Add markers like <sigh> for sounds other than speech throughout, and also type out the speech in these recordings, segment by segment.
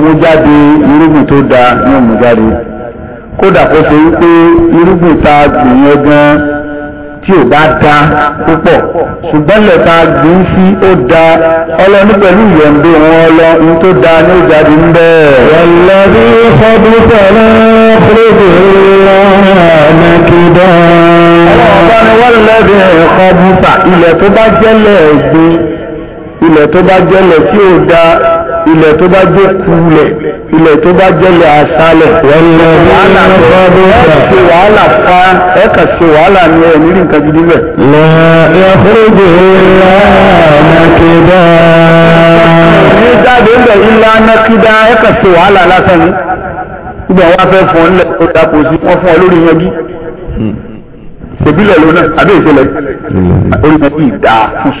mú jáde irúgbìn tó dáa ní ó mú jáde kódà kó ṣe wípé irúgbìn tá gbìn yẹn gan tí ò bá da púpọ̀ ṣùgbọ́n ilẹ̀ tá a gbìn sí ó da ọlọ́ni pẹ̀lú ìyọ̀ǹde wọn lọ ní tó da ní ó jáde ń bẹ́ẹ̀. ọlọ́bí ọdún pẹ̀lú fúrúgbìn lọ́nà kìdá. ọlọ́ọ̀bá ni wọ́n lẹ́bìn ẹ̀kọ́ bùtà ilẹ̀ tó bá jẹ́lẹ̀ ẹ̀gbin ilẹ̀ tó bá jẹ́lẹ̀ tí ò da ilẹ̀ tó bá jẹ́ kulẹ̀ ilẹ̀ tó bá jẹ́lẹ̀ àṣálẹ̀ wàhálà fa ẹ̀kà ṣe wàhálà ní ẹ̀ nílì nǹkan gidi bẹ̀. lọ ẹ̀kọ́jọ́ ìlànàkídá. ní jáde ń bẹ̀ ìlànàkídá ẹ̀kà ṣe wàhálà lásán ni ibẹ̀ wọ́n fẹ́ fún ọ nílẹ̀ tó dàpọ̀ sí wọ́n fún ọ lórí yanjú hmm. ṣèbílẹ̀ lónà àbẹ́ ìṣẹ̀lẹ̀ hmm. orí kan kì í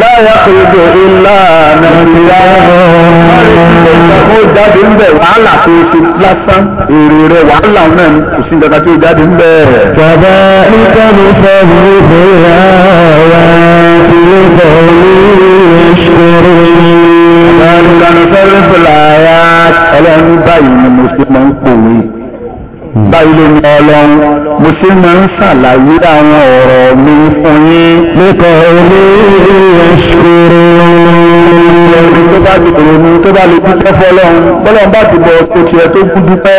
láyà kòròdò ilá nàìjíríà ó jáde ń bẹ̀ wàhálà tó ti lásán èrè rẹ̀ wàhálà náà ni kò sí nǹkan tí ó jáde ń bẹ̀. bàbá nítorí fẹ́ẹ̀mù ìbéèrè àwọn ìlú pẹ̀lú ìṣòro yìí. bàbá nítorí fẹ́ẹ̀mù ìbéèrè àwọn ọlọ́run báyìí ni mo ṣe máa ń pòwe báyìí ló ní ọlọ́run mo ti máa ń ṣàlàyé àwọn ọ̀rọ̀ mi fún yín nípa olóòṣèré ọ̀rọ̀ tó bá lè ronú tó bá lè dúpẹ́ fọlọ́run bọ́lọ́run bá ti bọ̀ tó tiẹ̀ tó kú dúpẹ́.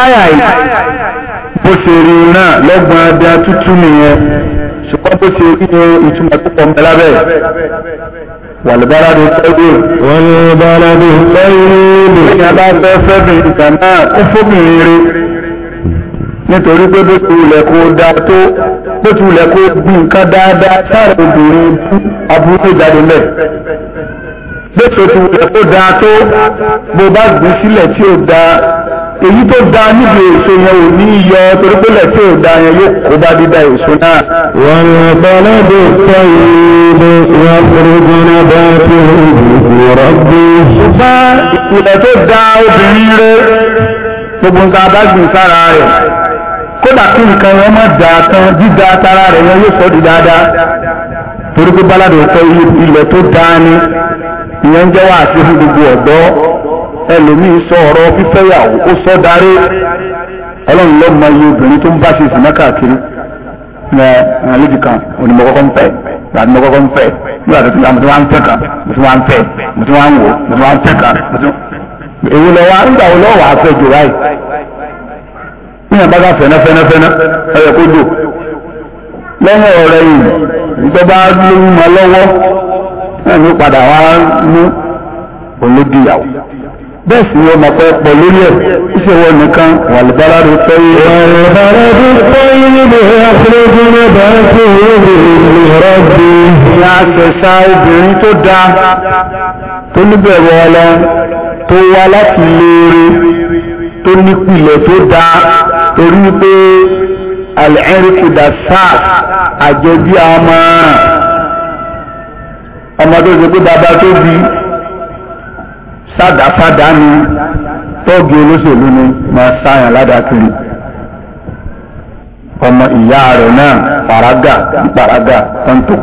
áyà yìí bó ṣe rí náà lọ́gbọ̀n abẹ́ atútù nìyẹn ṣùgbọ́n bó ṣe rí ní ìtumọ̀ tó pọ̀ mọ́ lábẹ́ والبلد الطيب والبلد الطيب ìyàbá fẹ́ fẹ́bìn ìkà náà ó fóbìnrin rí nítorí pé bó ti wulẹ̀ kó dáa tó bó ti wulẹ̀ kó bí nǹkan dáadáa sáré obìnrin aburú jáde mẹ́ bó ti kó dáa tó bó bá gbé sílẹ̀ tí ó dáa èyí tó da níbi èso yẹn ò ní yọ torí pé lẹ́tí ò da yẹn yóò kó bá dídá èso náà. wọ́n yóò bọ́lá bó sọ ìlú wọn fúrúgbó náà bá tó ìrọ̀ gbé. ṣùgbọ́n ìpìlẹ̀ tó da obìnrin rẹ gbogbo nǹkan abágbìn sára rẹ̀ kódà kí nǹkan yẹn má da kan dídá sára rẹ̀ yẹn yóò sọ dáadáa torí pé báládò sọ ilẹ̀ tó da ni ìyẹn ń jẹ́ àti gbogbo ọ̀dọ́. ẹlòmíì sọ ọ̀rọ̀ fífẹ́yàwó ó sọ darí ọlọ́run ló mọ iye obìnrin tó ń bá ṣe ìsìnná káàkiri ní àlejò kan onímọ̀kọ́kọ́ ń fẹ́ onímọ̀kọ́kọ́ ń fẹ́ nígbà tó ti wá ń kan ń ń wò ń kan lọ wá nígbà wo lọ́wọ́ jù báyìí ká ẹ̀yẹ kó lọ́wọ́ ọ̀rẹ́ yìí ìjọba ló bẹ́ẹ̀ sì wọ́n mọ̀pẹ́ pọ̀ lórí ẹ̀ kíṣe wọ́n nìkan wàlùbára rẹ̀ fẹ́ yé. wàlùbára rẹ̀ fẹ́ yé lè àfẹ́fẹ́ rẹ̀ bá fẹ́ yé lè rẹ̀ bí. ní àṣẹṣà obìnrin tó dáa tó níbẹ̀rù ọlọ tó wá láti lóore tó nípìlẹ̀ tó dáa torí pé alẹ́rìkìdà sáà àjẹbí àwọn ọmọdé ọmọdé bàbá tó bí. sádàsádà ni olóṣèlú ni máa sáyàn ládàkiri ọmọ ìyá rẹ̀ náà fàrágà tó ń tó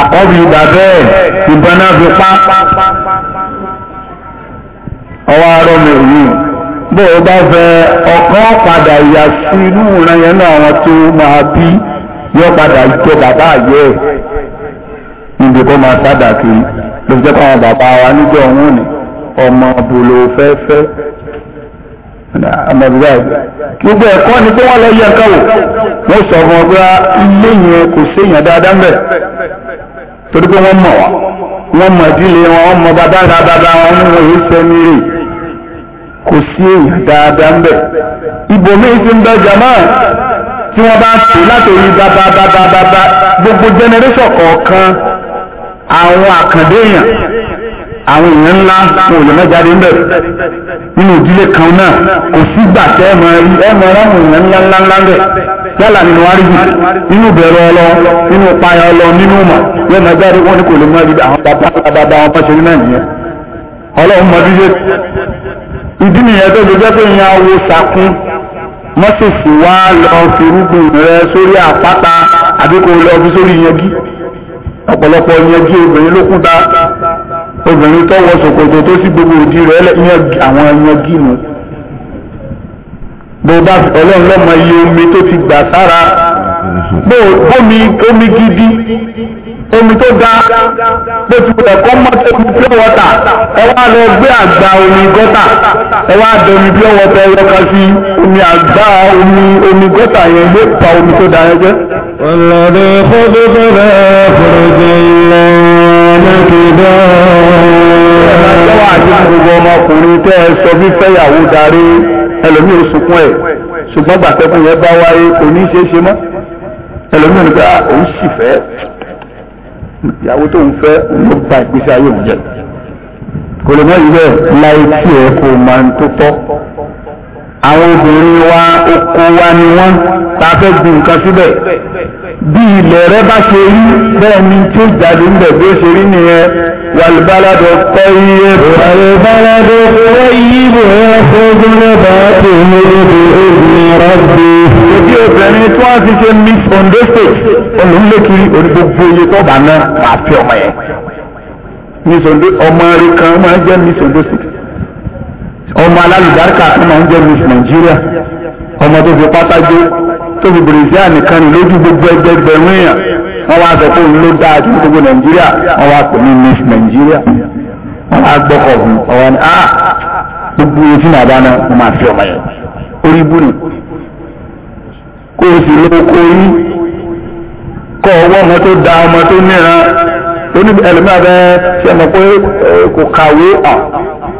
àkọ́bí ìgbà bẹ́ẹ̀ ìbọn náà fi pa ọwọ́ arọ́ mi yìí bó o bá fẹ́ padà yà sí inú ìran yẹn náà wọn tó máa bí yọ padà jẹ bàbá níbi ló jẹ́ pé bàbá wa níjọ́ wọn ni ọmọ bolo fẹ́fẹ́ amọ̀bíbá gbogbo ẹ̀kọ́ ni pé wọ́n lọ yẹ nǹkan wò wọ́n sọ fún ọgbà ah, ilé yẹn kò séèyàn dáadáa mbẹ̀ torí pé wọ́n mọ̀ wá wọ́n mọ̀ ìdílé wọn wọ́n mọ̀ bàbá ńlá bàbá wọn ní wọ́n yìí sẹ́ni rè kò sí èèyàn dáadáa mbẹ̀ ibòmíì ti ń bẹ jàmáà tí wọ́n bá ń pè látòrí bàbá bàbá bàbá gbogbo jẹnẹrẹ́sọ̀ kọ̀ọ̀kan àwọn àkàndé àwọn èèyàn ńlá wọn ò ńbẹ̀ nínú ìdílé kan náà kò sígbà tẹ́ ẹ rí ẹ máa èèyàn ńlá ńlá ńlá ńbẹ̀ yálà nínú àríjì nínú ìbẹ̀rẹ̀ ọlọ nínú payà ọlọ nínú mọ̀ yóò máa jáde wọn kò lè mọ ibi àwọn bàbá ọlọ́run mọ bí ìdí nìyẹn tó jẹ́ pé ìyẹn awo sàkún mọ́sẹ̀sì wá lọ fi rẹ sórí àpáta lọ fi sórí ọ̀pọ̀lọpọ̀ yanjú obìnrin ló kún dá obìnrin tó wọ ṣòkòtò tó sì gbogbo òdì rẹ̀ àwọn yanjú nù bó bá ọlọ́run lọ́mọ iye omi tó ti gbà sára bó omi omi gidi omi tó ga bó ti wọlé kọ́ mọ́tò pure water ẹ wá lọ gbé àgbá omi gọ́tà ẹ wá dẹ omi pure water ẹ wọ́ka sí omi àgbá omi omi gọ́tà yẹn ló pa omi tó da yẹn jẹ́. ọlọ́dẹ kọ́dọ̀ bẹ̀rẹ̀ fúrẹ́jẹ ilẹ̀ nàkìdá. ẹ̀rọ àti gbogbo ọmọkùnrin tẹ́ ẹ sọ fífẹ́yàwó darí ẹlòmíràn sunkún ẹ̀ ṣùgbọ́n gbàtẹ́kùn yẹn bá wáyé kò ní í ṣeé ṣe mọ́ ẹlòmíràn ni pé a ah, òun sì fẹ́ ìyàwó tó ń fẹ́ òun ló gba ìgbésí ayé òun jẹ kò lè mọ láì tí ẹ kò máa ń tó tọ́ àwọn obìnrin wa oko wa ni wọ́n ta fẹ́ gbin nǹkan síbẹ̀ bí ilẹ̀ rẹ bá ṣe rí bẹ́ẹ̀ ni tí ó jáde ń bẹ̀ bí ó ṣe rí nìyẹn wàlúbáládọ̀ kọ́ iye bò wàlúbáládọ̀ kọ́ iye bò ẹ kó gbọ́dọ̀ bá tó lórí obìnrin rọ́bì. ebi obìnrin tí wọ́n ti ṣe miss Ondo state olùlékiri onígbogbo iye tó bá ná máa ọmọ yẹn ọmọ rẹ kan máa jẹ́ miss Ondo state ọmọ alálùbáríkà ní máa ń jẹ́ miss Nàìjíríà ọmọ tó fi pátá gbé tó fi bèrèsíà nìkan ní lójú gbogbo ẹgbẹgbẹ̀rún èèyàn wọ́n wá sọ pé òun ló dáa ju gbogbo Nàìjíríà wọ́n wá pè ní miss Nàìjíríà wọ́n wá gbọ́kọ̀ fún ọwọ́ ni ah gbogbo etí náà bá náà wọ́n máa fi ọmọ yẹn orí bú ni kó o sì lóko yín kọ́ ọwọ́ ọmọ tó da ọmọ tó níran oníbi ẹlòmíràn ṣe mọ̀ pé eh, kò kàwé à. Ah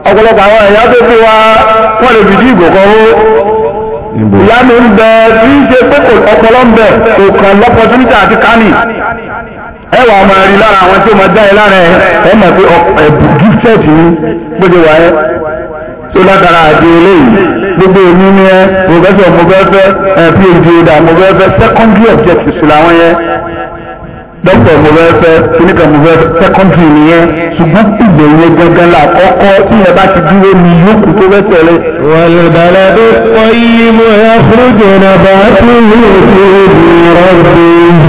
ọ̀pọ̀lọpọ̀ àwọn ẹ̀yà tó fi wá wọ́n lè bìdí ìgò kan ó ìyá mi ń bẹ tí ń ṣe pé ọpọlọ ń bẹ kò kàn lọ́pọ̀túnítà àti kánì ẹ wà máa rí lára àwọn tí ó máa dá ẹ lára ẹ ẹ mọ̀ pé ẹ̀bù gífẹ́ẹ̀tì ni bó wà ẹ́ tó látara àti eléyìí gbogbo èmi ni ẹ professor mo fẹ́ fẹ́ phd ọ̀dà mo fẹ́ fẹ́ secondary objectives làwọn yẹn dókítà mo fẹ́ fẹ́ oníkan mo fẹ́ sẹ́kọ́ndì nìyẹn ṣùgbọ́n ìgbẹ̀yìn gangan la kọ́kọ́ tí ẹ bá ti dúró ní yòókù tó fẹ́ tẹ̀lé. wàlúbàlà tó kọ́ yí mo yà fúrújù náà bá tún ní òkú ìdí rọ́ọ̀dù.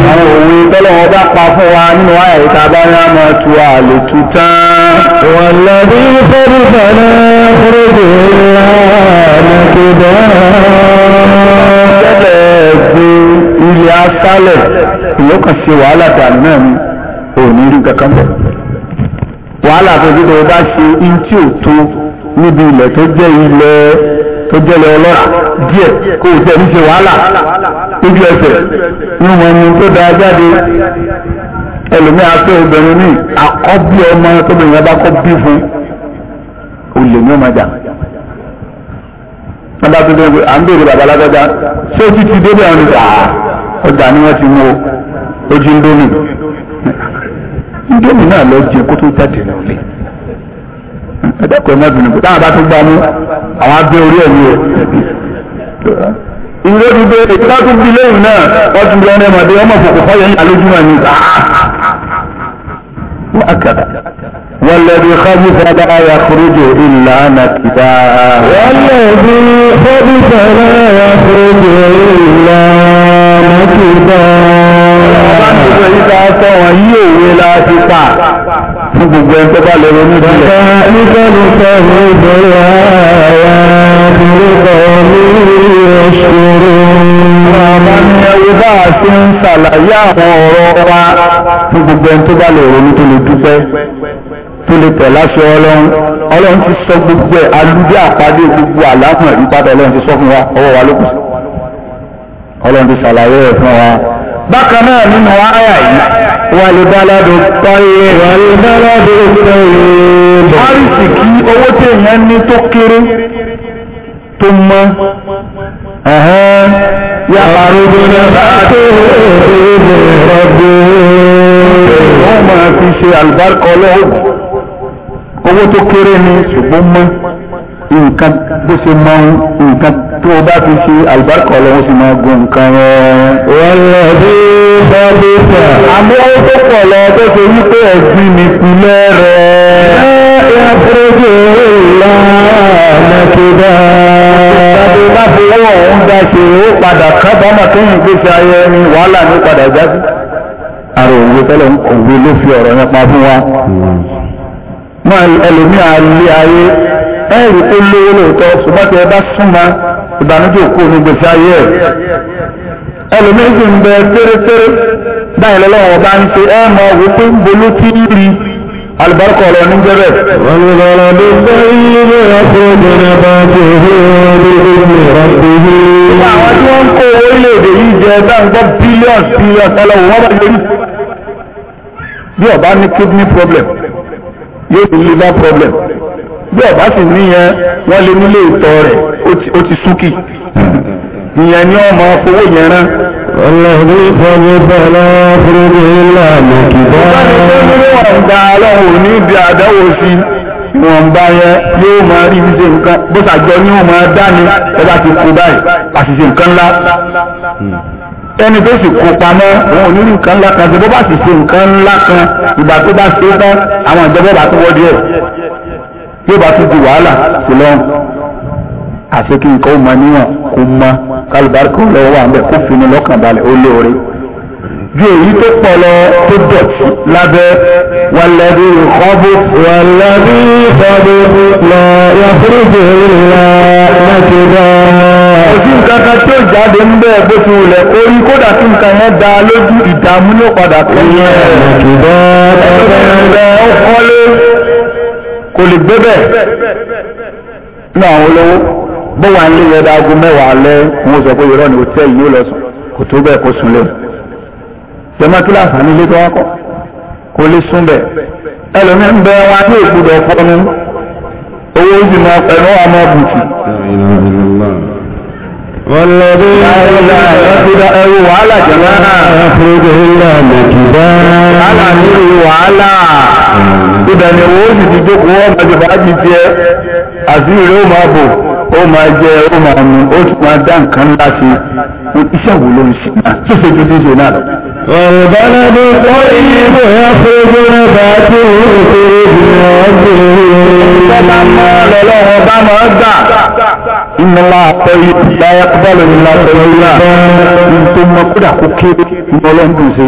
àwọn òwe tọ́lọ̀ wọn bá pa fún wa nínú àyà ìta bá ní àmọ́ tu àlè tu tán. wàlúbàlà fẹ́rùfẹ́rẹ́ fúrújù ńlá nàkúdà. ṣẹlẹ̀ gbé ilé asálẹ̀ èèyàn kàn ṣe wàhálà dànù náà ni ò ní rí nǹkan kan bẹ̀. wàhálà tó dé tó bá ṣe in tí ò tó níbi ilẹ̀ tó jẹ́ ilẹ̀ tó jẹ́ ilẹ̀ ọlọ́rà díẹ̀ kó o jẹ́ níṣe wàhálà lójú ẹsẹ̀ nínú wọn ni tó da jáde ẹlòmíì afẹ́ obìnrin ní àkọ́bí ọmọ tóbìnrin yẹn bá kọ́ bí fún olè ní ọmọ jà wọ́n dábìí pé à ń béèrè bàbá alágbádá ṣé ó ti ti débẹ̀ ọ̀rìn ọjà ni wọ́n ti mú o ojú ndómi ndómi náà lọ jẹ kó tó jáde ní òní ẹ̀dẹ́kọ̀ọ́ náà bìnrin kó táwọn bá tó gbá mú àwọn abẹ́ orí ẹ̀mí ẹ̀ ìwé dúdú ìtura tó bí lẹ́yìn náà wọ́n ti lọ́rẹ́ ọmọdé ọmọ òkùnkùn fọ́yẹ̀ ní àlójúmọ̀ ní wákàtà wọ́n lẹ́bí kọ́bí fẹ́dá ayà kúrújò ìlà nà kìdá wọ́n lẹ́bí kọ́bí fẹ́dá ayà kúrújò ìlà nà ta sọ wọn yí òwe láti pa fún gbogbo ẹni tó bá lè ronú ìdílé. ọ̀gá nígbàdùn sọ fún ìbẹ̀rẹ̀ ààrẹ àbúrúkọ ní ìṣòro. bàbá ní ẹwú bá a ṣe ń ṣàlàyé àwọn ọ̀rọ̀ wa fún gbogbo ẹni tó bá lè ronú tó lè dúpẹ́ tó lè tẹ̀ láṣẹ ọlọ́run ọlọ́run ti sọ gbogbo ẹ̀ alúdé àpàdé gbogbo àlákùn ẹ̀rí ọlọ́run ti sọ fún wa ọwọ́ wa lókùn ọlọ́run ti ṣàlàyé ẹ̀ fún wa bákan náà nínú àyà yìí wàlúbáládù tọ́yé wàlúbáládù tọ́yé àrísì kí owó tí èèyàn ní tó kéré tó mọ́ yàrá rògbòdà bá tó rògbòdà wọ́n máa fi ṣe àlùbáríkọ lọ́wọ́ owó tó kéré ni ṣùgbọ́n mọ́ nǹkan bó ṣe mọ nǹkan tó bá fi ṣe àlùbáríkà ọlọ́run sì máa gun nǹkan rẹ̀. wọ́n lọ sí bọ́lẹ́sà. àmọ́ ó tó pọ̀ lọ tó ṣe wípé ẹ̀sìn mi pinlẹ̀ rẹ̀. ẹ ẹ fúrẹ́jì owó ìlà mẹ́tẹ́dá. ìgbàdo bá fi wọ́ ọ̀hún dá ṣe ó padà kábàámà kéyìn gbèsè ayé ni wàhálà ní padà jáde. àrò òwe tẹ́lẹ̀ ń kọ̀wé ló fi ọ̀rọ̀ yẹn pa fún wa. máa hmm. ẹlòmíà lé ayé ẹ rí pé lówó lóòótọ́ ṣùgbọ́n tí ẹ bá súnmọ́ ìbànújẹ́ òkú ní gbèsè ayé ẹ ẹlòmíjì ń bẹ tẹ́rẹ́tẹ́rẹ́ báyìí lọ́wọ́ bá ń ṣe ẹ mọ òwe pé ń bolú tí ń rí alùbáríkọ̀ ọ̀rọ̀ ní jẹ́ bẹ́ẹ̀. bí ọba sì níyẹn wọn lé nílé ìtọ́ rẹ̀ ó ti súnkì ìyẹn ni ọmọ owó yẹn rán. ọlọ́run ìfọwọ́ bọ́lá fúnmi ìlànà kìbá. ìgbà ọlọ́run ò ní ibi àdáwò sí yóò máa rí nǹkan bó ṣàjọ ni máa ti kú báyìí àṣìṣe nǹkan ńlá ẹni kan ṣe bó bá sì ṣe yóò bá tún di wàhálà sí lọ́rùn àfi kí nǹkan ó mọ níwọ̀n kó mọ kálùbáríkò lọ́wọ́ wà ńbẹ̀ kó finú lọ́kàn balẹ̀ ó lóore ju èyí tó pọ̀ lọ tó dọ̀tí lábẹ́ wàlẹ́bí ìkọ́bù wàlẹ́bí ìkọ́bù lọ yàtúrúgbò ńlá mákèdá. òsì nǹkan kan tó jáde ń bẹ́ẹ̀ bó ti wulẹ̀ orí kódà kí nǹkan yẹn da lójú ìdààmú ló padà tó. ìyá mákèdá ẹgbẹ́ ẹgbẹ́ ó kọ́lé. kò lè gbé ní àwọn olówó bó wà ní lé yẹn dáago mẹ́wàá lẹ́ wọn sọ pé ni lọ sùn kò tó bẹ́ẹ̀ kó sùn lé jẹ́mọ́ ilé tó wá kọ́ kò lè sùn bẹ́ẹ̀ ẹlòmí ń bẹ wọn àti ìgbúdọ̀ fọnú owó pẹ̀lú àmọ́ bùtù. لا ìgbàkúdà ni owó sì ti jókòó wọn máa jọba ti jẹ àṣírí rẹ ó máa bò ó máa jẹ ó máa mu ó sì máa dá nǹkan ńlá sí iṣẹ́ wo ló ń ṣe náà tó ṣe tó ṣe náà lọ. ọ̀rọ̀ bára kọ́ iye mọ̀ ẹ́ fún ọgbà tí ó ń ṣe ìrìnà ọ̀gbìn. ìjọba máa lọ́lọ́wọ́ bá máa gbà. إن الله طيب لا يقبل إلا طيبا. أنتم ما كنا كوكي مولون بنسي.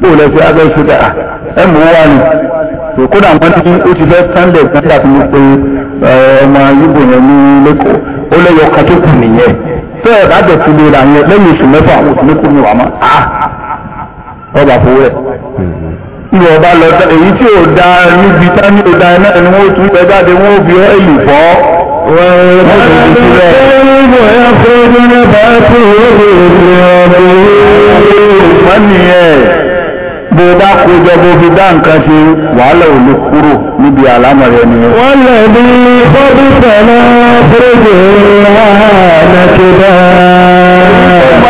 bóòlù ẹgbẹ́ abẹ́ ṣúgà ẹ mú wá ni tó kódà wọn ti ó ti fẹ́ sunday kan dàbí mo pe ọmọ yíbo yẹn ní lẹ́kọ̀ọ́ ó a ọba da níbi iná tún fi ọ èlù fọ. wọ́n ń bọ̀ ẹ́ fún bí o bá kó jọ bó fi dá nǹkan ṣe wàhálà ò lè kúrò níbi àlámọ̀ rẹ ni. wọ́n lè bí bọ́bí tẹ̀lé bíréjì wàhálà ti bá.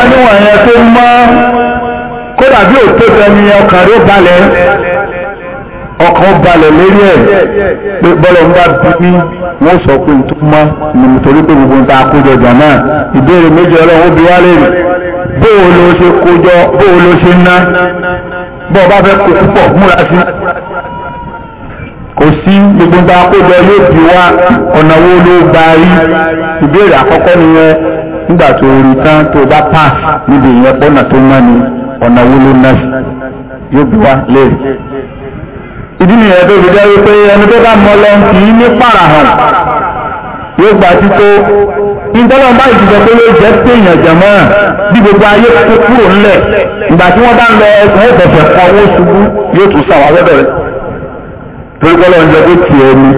ọgbà níwọ̀n yẹn tó mọ́ kódà bí òtótọ́ ni ọkàn rẹ balẹ̀ ọkàn balẹ̀ lórí ẹ̀ pé bọ́lọ̀ ń bá bí mi wọ́n sọ pé n tó mọ́ ni nítorí pé gbogbo nǹkan àkójọ jà náà ìbéèrè méjì ọlọ́run ó bi wá lè rí bóò ló ṣe kójọ bóò ló ṣe ná. bọ́ọ̀ ọba fẹ́ kó púpọ̀ múra sí kò sí gbogbo ń bá kójọ yóò bí wá ọ̀nà wo ló gba rí ìbéèrè àkọ́kọ́ nìyẹn nígbà tó rí tán tó bá pass níbi ìyẹn pọ́nà tó mọ́ ni ọ̀nà wo ló yóò wá ìdí ní hàn ìtọ́lọ̀ bá ìjìjọ pé yóò jẹ́ pé èèyàn jẹ̀mọ́ bí gbogbo ayé tó kúrò ńlẹ̀ ìgbà tí wọ́n bá ń lọ ẹkùn ẹ̀fẹ̀fẹ̀ kan owó ṣubú yóò tún sàwà bẹ́bẹ̀rẹ̀ torí pọ́lọ̀ ń jẹ́ pé tì ẹnu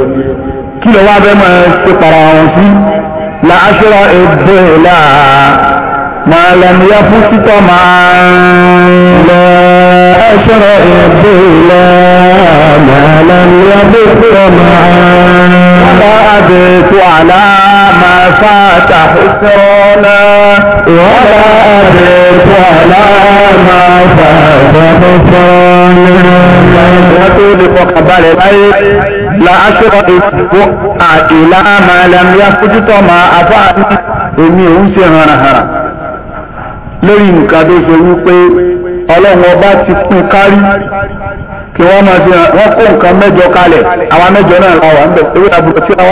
kí lọ wá bẹ́ẹ̀ máa ṣe para wọn sí la aṣọ́ra ẹgbẹ́ láà ما لم يفت طمعا لا أشرع بلا ما لم يفت طمعا ولا على ما فات خسرانا ولا أبيت على ما فات خسرانا لا أشرع بلا ما لم يفوت طمعا أفعل إني أمسي هنا هنا lórí nǹkan tó ṣe wípé ọlọ́run ọba ti pín kárí kí wọ́n máa fi hàn wọ́n kó nǹkan mẹ́jọ kalẹ̀ àwọn mẹ́jọ náà la wà ń bẹ̀ ewé àbúrò sí wa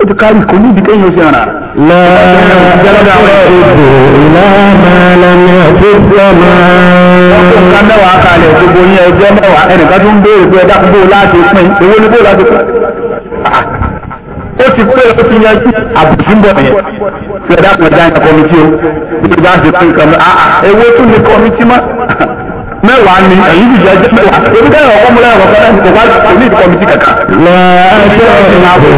ó ti kárí kò nídìí kéèyàn ṣe hàn. lọ́ọ̀ọ́ ìlànà lẹ́nu ọ̀tún sọ́mà. wọ́n kó nǹkan mẹ́wàá kalẹ̀ gbogbo yẹn ẹjọ́ mẹ́wàá ẹnìkan tó ń béèrè pé ẹ̀dá gbogbo láti pín owó ní gbogbo láti pín ó ti pé ó ti yanjú àbùsùn bọ̀ yẹn tí ẹ̀dá kan dá yẹn kọ́mítì o bí ìgbà ṣe pín nǹkan náà ewé tún ni kọ́mítì mọ́ mẹ́wàá ni èyí ti jẹ́ mẹ́wàá ebi tẹ́ ẹ̀rọ kọ́mú lẹ́yìn ọ̀kọ́ lẹ́yìn kọ́kọ́ kò ní kọ́mítì kàkà. lọ́ọ̀ṣọ́ àwọn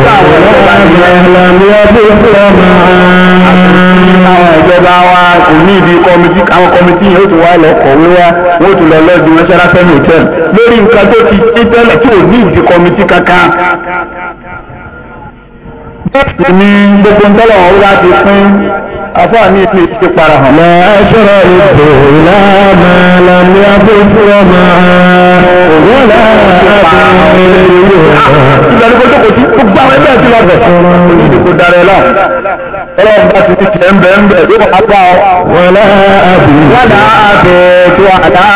ìjọba wa kò ní ibi kọ́mítì àwọn kọ́mítì yẹn ó tún wá lọ kọ̀wé wa wọ́n tún lọ lọ́ọ̀dù wọn ṣẹ́ra fẹ́mi hòtẹ́ẹ̀lì lórí nǹkan tó ti tẹ́lẹ̀ tí ò ní ibi kọ́mítì kankan ní gbogbo ntọ́lọ̀ wọn wúlá ti fún afọ́ àní ìpè ti para hàn. Lọ aṣọ́rọ̀ ìbò ìlànà làmì abójú ọmọ òwúlà àbẹ̀rẹ̀ ìgbàlú kó tókòtì ó gbà wọn ẹgbẹ́ ti lọ́bẹ̀. Olùdí kò darẹ̀ lọ. Ọlọ́run bá ti ti tẹ̀ ń bẹ̀ ń bẹ̀ ló bá bá ọ. Wọ́lá àbẹ̀ wọ́lá àbẹ̀ tó àdá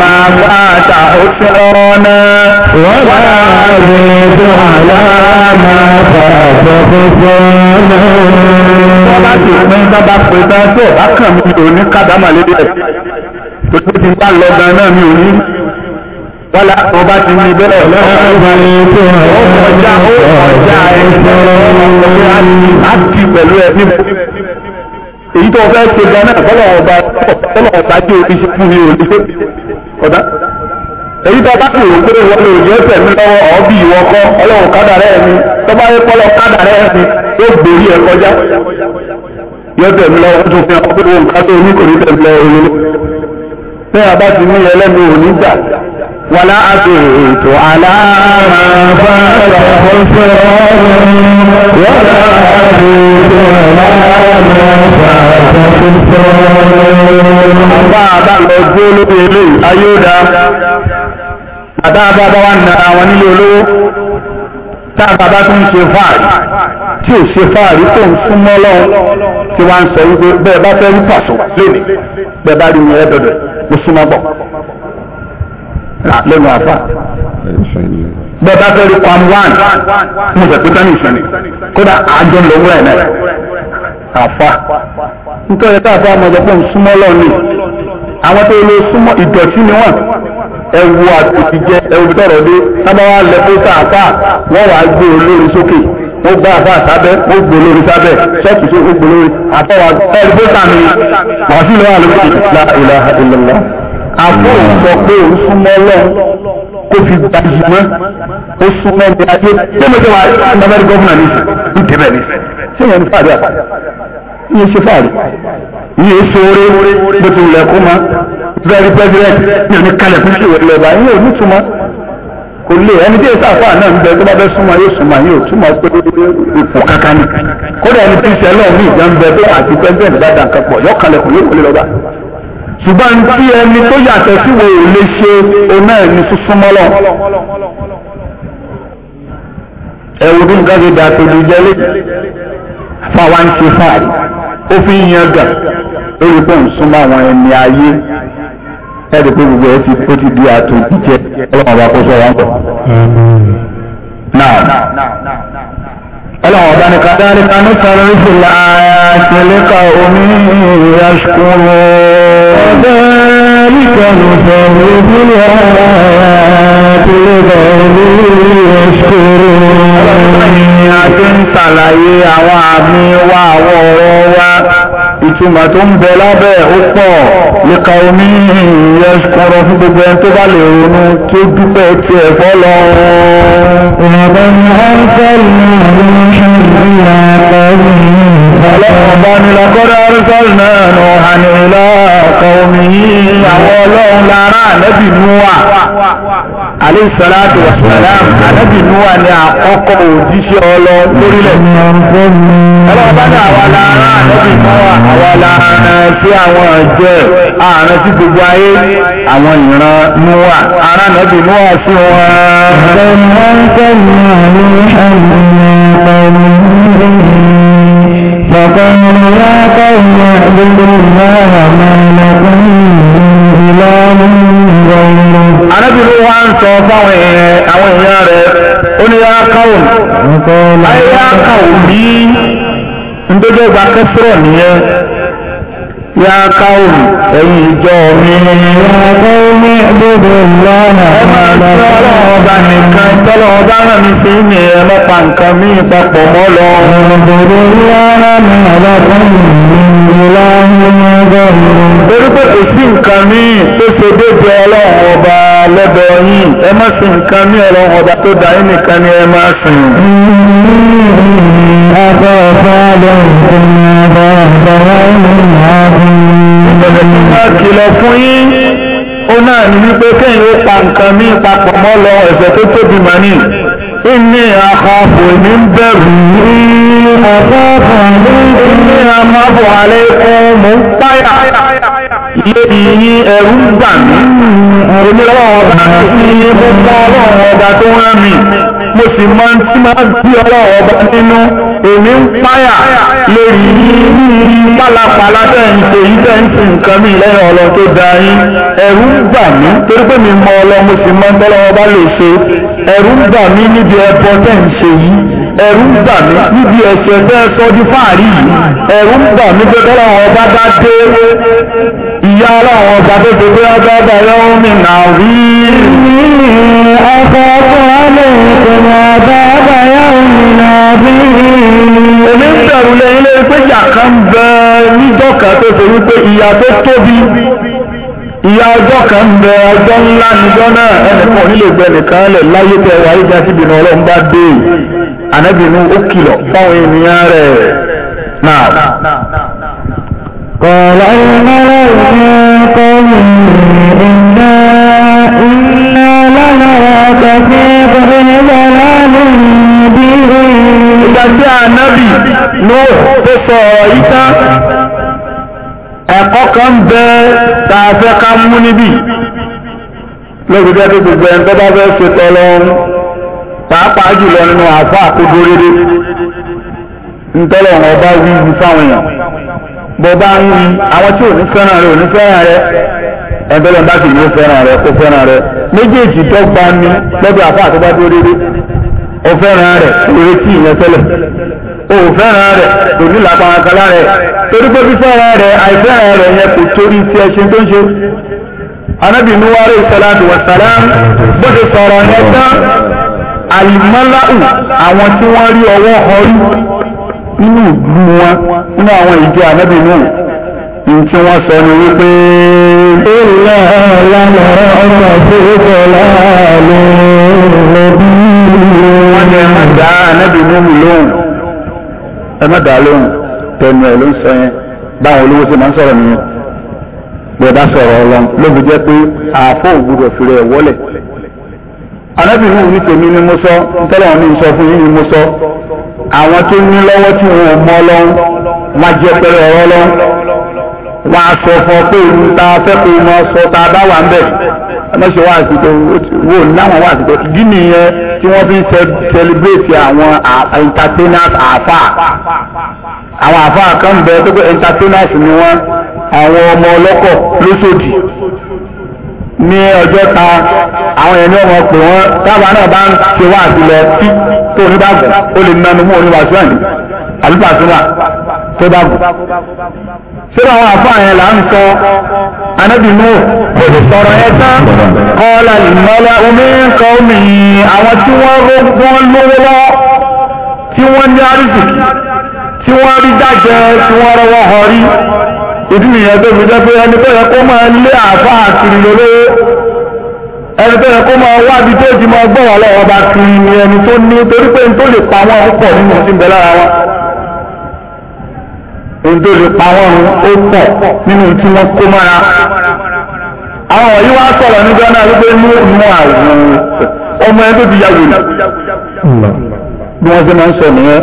máa bá àtà ó ṣẹ́ ọ náà. ولا أزيد على ما تفسقون Ọlá ti pín dábà pé bá tó bá kàn mí ò ní kádàmà lédè ẹ̀. Gbogbo ti bá lọ gan náà mi ò ní. Wọ́lá ọba ti ní bẹ́ẹ̀ lọ́wọ́. Ó kọjá ó kọjá ẹ̀sẹ̀ ọ̀gbìn àti pẹ̀lú ẹ̀ níbo. Èyí tó fẹ́ ṣe gan náà kọ́lọ̀ ọba kọ́lọ̀ ọba jẹ́ omi ṣe fún mi ò ní. Ọ̀dà èyí tó bá kù wò pé wọn lè yẹ ẹsẹ̀ mi lọ́wọ́ ọbí ìwọ kọ Ọlọ́run kádà rẹ mi tó bá yẹ kọlọ kádà rẹ mi tó gbòòrí ẹ kọjá yẹ tẹ̀ mi lọ́wọ́ tó fi hàn pé wọn kátó omi kò ní tẹ̀ lọ́wọ́ òun tẹ a bá ti ní ẹlẹ́nu òní gbà wàlá àtòrò àlá fàrà fọ́fẹ́ ọ̀rọ̀ wàlá àtòrò àlá fàrà fọ́fẹ́ ọ̀rọ̀. àbá àbá lọ gbé lórí eléyìí ayé ó dáa. bàbá bàbá wa nara wọn nílé olówó tá a bàbá tó ń ṣe fáàrí tí ò ṣe fáàrí tó ń súnmọ́ lọ́wọ́ tí wọ́n á ń sọ wípé bẹ́ẹ̀ bá fẹ́ rí pàṣọ lónìí bẹ́ẹ̀ bá rí ìyẹn dọ̀dọ̀ mo súnmọ́ bọ̀ lẹ́nu àfà bẹ́ẹ̀ bá fẹ́ rí kwam wán mo jẹ́ pé tani ìsọ̀nì kódà àjọ náà nítorí a fà pé ń súnmọ́ lọ́wọ́ àwọn tó lè súnmọ́ ìdọ̀tí ni wọ́n ẹ wo àtòtìjẹ ẹ wo tọrọ dé sábà wà lẹ pósà àfà wọn wàá gbé olórí sókè ó gbá àfà sábẹ́ ó gbé olórí sábẹ́ ṣọ́ọ̀tù tó ó gbé olórí àfà wà ẹ̀rí pósà mi màá sí lọ́wọ́ àlọ́ ìlà ìlà ìlọ́lọ́. àfọ sọ pé ó súnmọ́ lọ kó fi gba yìí ó súnmọ́ ní ayé tó ló dé wa nàbẹ́rẹ́ gọ́fúnà ní esore bó ti wulẹ̀ kó ma very president ní oní kalẹ̀ fún ìwé lọ́ba yín ò ní túmọ̀ kò lè ẹni tí èsì àfáà náà ń bẹ tó bá bẹ súnmọ́ yóò súnmọ́ yín ò túmọ̀ pé ipò kankan ni kódà ẹni tí ìṣẹ́ náà ní ìjà ń bẹ pé àti president bá dà nǹkan pọ̀ yọ kalẹ̀ kò yóò wọlé lọ́ba ṣùgbọ́n tí ẹni tó yàtọ̀ sí wo ò lè ṣe oná ẹni súnmọ́ lọ ẹ̀wù bí nǹkan ti dà tó di jẹ́lé fáwọn ń ṣe fáàrí ó fi ń yan gà lórí pé òun súnmọ́ àwọn ẹni ayé ẹ̀rì pé gbogbo ẹ̀ ó ti di àtòjíjẹ ọlọ́run ọba kó sọ wọn náà ọlọ́run ọba ní kàdáàrí kanú sọ̀rọ̀ ìṣẹ̀lẹ̀ àtẹlẹ́kà omi ìyàṣkúrò. ọ̀dẹ́rì kanú sọ̀rọ̀ ìṣẹ̀lẹ̀ àtẹlẹ́kà omi ìyàṣkúrò. ọlọ́run ní a ti ń tàlàyé àwọn àmì wa àwọn ọ̀rọ̀ wa ìtumọ̀ tó ń bẹ lábẹ́ ó pọ̀ lẹ́ka omi yẹ́sùkọ́rọ̀ fún gbogbo ẹni tó bá lè ronú tí ó dúpẹ́ tí ẹ̀ fọ́ lọ. ọlọ́run bá ní lọ́kọ́rọ́ arúgbọ́n náà nù hàní ìlà omi yìí àwọn ọlọ́run lára àlẹ́bì mú wà alayhi salatu wa salam anabi nuwa ni àkọ́kọ́ òjíṣẹ́ ọlọ lórílẹ̀ ọlọ́wọ́ bá ní àwa lára anabi nuwa àwa lára sí àwọn ọjọ́ ààrẹ sí gbogbo ayé àwọn ìran nuwa ara anabi nuwa sí wọn. فقالوا يا قوم اعبدوا الله ما لكم من إله غيره ànábì ló wá ń sọ fáwọn èèyàn àwọn èèyàn rẹ̀ ó ní yá káwùn ayé yá káwùn bí ndójó gba kẹsìrọ̀ nìyẹn yá káwùn ẹ̀yìn ìjọ mi. ìyàgbọ́ mi gbogbo lọ́nà àlọ́ ọba nìkan tọ́lọ́ ọba náà mi fi ní ẹ lọ́pa nǹkan mí papọ̀ mọ́ lọ. ìgbòho lọ́nà mi àbá fún mi ìlànà ọgọ́rùn torí pé kò sí nǹkan míì ṣe déédéé ọlọ́run ọba lọ́dọ̀ yín ẹ má sìn nǹkan ní ọlọ́run ọba tó dá yín nìkan ni ẹ má sìn. Abọ́ ọ̀fọ́ àbọ̀ ìsinmi ọba ọ̀bọ̀wá ìlú ààbò. Ìbẹ̀rẹ̀ tí wọ́n kìlọ̀ fún yín, ó náà ní wípé kéyìn ó pa nǹkan ní ìpapọ̀ mọ́ lọ ẹ̀fẹ̀ tó tóbi mà ní. Ìní àkàfò ní bẹ̀rù ní àkàfò ní ìní àmàbò àlékún mú páyà lébi ní ẹrú gbà mí èmi ọlọ́run ọba ní gbogbo ọlọ́run ọba tó rán mi mo sì máa ń tí máa bí ọlọ́run ọba nínú èmi ń páyà lórí yín pálapàla tẹ̀ ń ṣe yín tẹ̀ ń ṣe nǹkan mi lẹ́yìn ọlọ tó da yín ẹrú gbà mí torí pé mi mọ ọlọ mo sì máa ń tọ́lọ́wọ́ bá lè ṣe ẹrú gbà mí níbi ẹbọ tẹ̀ ń ṣe yìí ẹ̀rù ń mí níbi ẹ̀ṣẹ̀ bẹ́ẹ̀ sọ́jú fáàrí yìí ẹ̀rù ń mí pé tọ́lọ́wọ́ bá bá dé ọlá ọlọ́run ọba tó ti pé ọjọ́ ọba yọ́wọ́ mi nà rí. ní ọkọ̀ ọkọ̀ alẹ́ ìpinnu ọba ọba yọ́wọ́ mi nà rí. èmi ń bẹ̀rù lẹ́yìn lórí pé ìyà kan ń bẹ níjọ́ kan tó ṣe wípé ìyà tó tóbi ìyà ọjọ́ kan ń bẹ ọjọ́ ńlá níjọ́ náà ẹnìkan nílé gbẹ nìkan lẹ̀ láyé tẹ wáyé já síbi ní ọlọ́run bá dé ànábìínú ó kìlọ̀ fáwọn ènìyàn rẹ̀ náà. قال الملأ من قومه إنا إنا لنراك في ضلال مبين Ìgbà tí ànábì ló tó sọ ìta ẹ̀kọ́ kan bẹ tààfẹ́ ká mú níbí lórí bí ẹbí gbogbo ẹni tó bá fẹ́ ṣe tọ́lọ́run pàápàá jùlọ nínú àfáà tó dúró dédé ń tọ́lọ́run ọba fáwọn èèyàn. bó bá ń àwọn tí ò ní fẹ́ràn rẹ ò ní fẹ́ràn rẹ ẹgbẹ́lẹ́ bá sì ní fẹ́ràn rẹ kó fẹ́ràn rẹ méjèèjì dọ́gba ni lọ́dọ̀ àfa àtọ́gbá tó rere ó fẹ́ràn rẹ tí ìyẹn tẹ́lẹ̀ ó fẹ́ràn rẹ kò ní làpá akala rẹ torí pé fífẹ́ràn rẹ àìfẹ́ràn rẹ yẹn kò torí tó ń ṣe anabi nuwari salatu wa salam bó ṣe sọ̀rọ̀ yẹn tán àwọn tí wọ́n rí ọwọ́ nínú ìlú wọn nínú àwọn ìjọ ànábì náà ní tí wọ́n sọ ní wípé ìlà lánà ọmọ ìfowópọ̀ láàrin lọ́bí wọ́n ní ẹmọ́ dá ànábì lóhùn dá lóhùn tẹnu ẹ̀ ló ń sọ yẹn báwọn olówó máa ń sọ̀rọ̀ nìyẹn sọ̀rọ̀ ọlọ́run arábìnrin òun ní tèmi ni mo sọ tọ́lọ̀ ní sọ fún yín ni mo sọ àwọn tó ní lọ́wọ́ tí wọn ò mọ ọlọ́run wọn á jẹ pẹ̀lú ọ̀rọ̀ ọlọ́run wọn á sọ fún ọ pé òun ta fẹ́ pé òun sọ ta bá wà ń bẹ̀ ẹmọ́sẹ̀ wà sí pé wò láwọn wà sí pé ìdí tí wọ́n fi ń celebrate àwọn entertainers àfà àwọn àfà kan bẹ tó pé entertainers ni wọ́n àwọn ọmọ ọlọ́kọ̀ lóṣòdì ní ọjọ́ ta àwọn èèyàn ní ọmọ pè wọ́n tábà náà bá ń ṣe wá àtìlẹ̀ tí tó ní bá gùn ó lè nanu mú oníwàásù àní àlùbàṣúwà tó bá gùn. ṣé àwọn àfáà yẹn là ń sọ anábì nù sọ̀rọ̀ yẹn tán kọ́lá ìmọ̀lá omi ń kọ́ omi àwọn tí wọ́n wọ́n lówó lọ tí wọ́n ní àrísìkì tí wọ́n rí dájẹ́ tí wọ́n rọwọ́ họ rí. ìdí nìyẹn tó fi jẹ́ pé ẹni tó yẹ kó máa lé àáfàá kiri lólówó ẹni tó yẹ kó máa tó máa gbọ́ wà lọ́wọ́ bá ẹni tó ní torí pé tó lè pa nínú ń bẹ lára tó lè pa nínú wọ́n kó mára àwọn wá sọ̀rọ̀ wípé àwọn ọmọ ẹni tó ti bí wọ́n máa ń sọ nìyẹn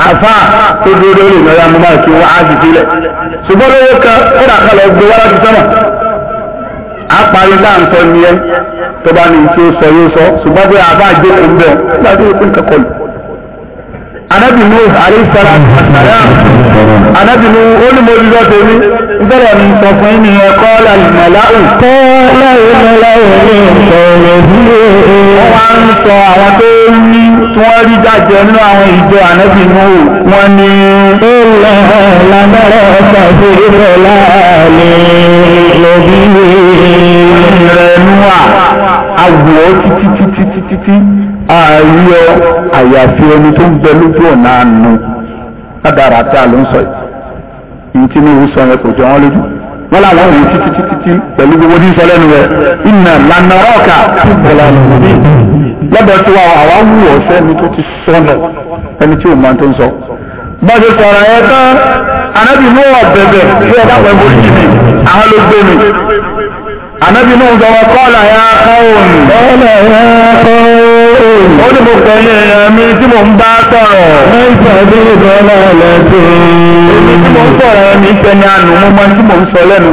àfa tó dúró lórí ìnáyà mú máa kí wọ́n á sì sílẹ̀ ṣùgbọ́n lówó kan ó dà kalẹ̀ gbé wá láti sọ́nà á parí dáńtọ́ ni ẹ tó bá ní tí ó sọ yóò sọ ṣùgbọ́n bí àfa àjẹkù ń bẹ̀ nígbà tó yẹ kó nǹkan kọlù. anabi nu aleesara anabi nu olùmọ̀lì lọ́tọ̀ mi bẹ́ẹ̀ ni sọ fún mi ẹ kọ́ làlùmọ̀láwù. kọ́ làlùmọ̀láwù ni sọ̀rọ̀ bí wọ́n wá ń sọ àwọn tó ń ní tí wọ́n rí jáde nínú àwọn ìjọ ànẹ́bì mú wọn ní ilẹ̀ lábẹ́rẹ́ ṣàṣì ilẹ̀ láàrin lóbi rẹ̀ núwà agbọ̀ títí títí títí ààyè àyàfi ẹni tó ń bẹ lójú ọ̀nà àánú ládàrá tí a ló ń sọ yìí ní tí yẹn kò jọ wọn lójú wọn làwọn wò títí títí pẹ̀lú gbogbo ní sọ lẹ́nu rẹ̀ ìnà lànà ọ̀kà lọ́dọ̀ tí wa àwa wù ọ́ sẹ́ni tó ti sọnù ẹni tí ò máa tó ń sọ. bá a ṣe sọ̀rọ̀ ẹ tán anábì mú ọ̀bẹ̀bẹ̀ tí ẹ bá pẹ̀ bó jì mí àwọn ló gbé mi ànábì náà sọ wọn kọ́ọ̀lá ya kọ́ọ̀n. kọ́ọ̀lá ya kọ́ọ̀n. ó ní mo pè é èèyàn mi tí mò ń bá sọ̀rọ̀. mẹ́ta bí ìbọ̀lá rẹ̀ tó. èmi tí mò ń sọ̀rọ̀ ẹni tẹni àánú mo mọ tí mò ń sọ lẹ́nu.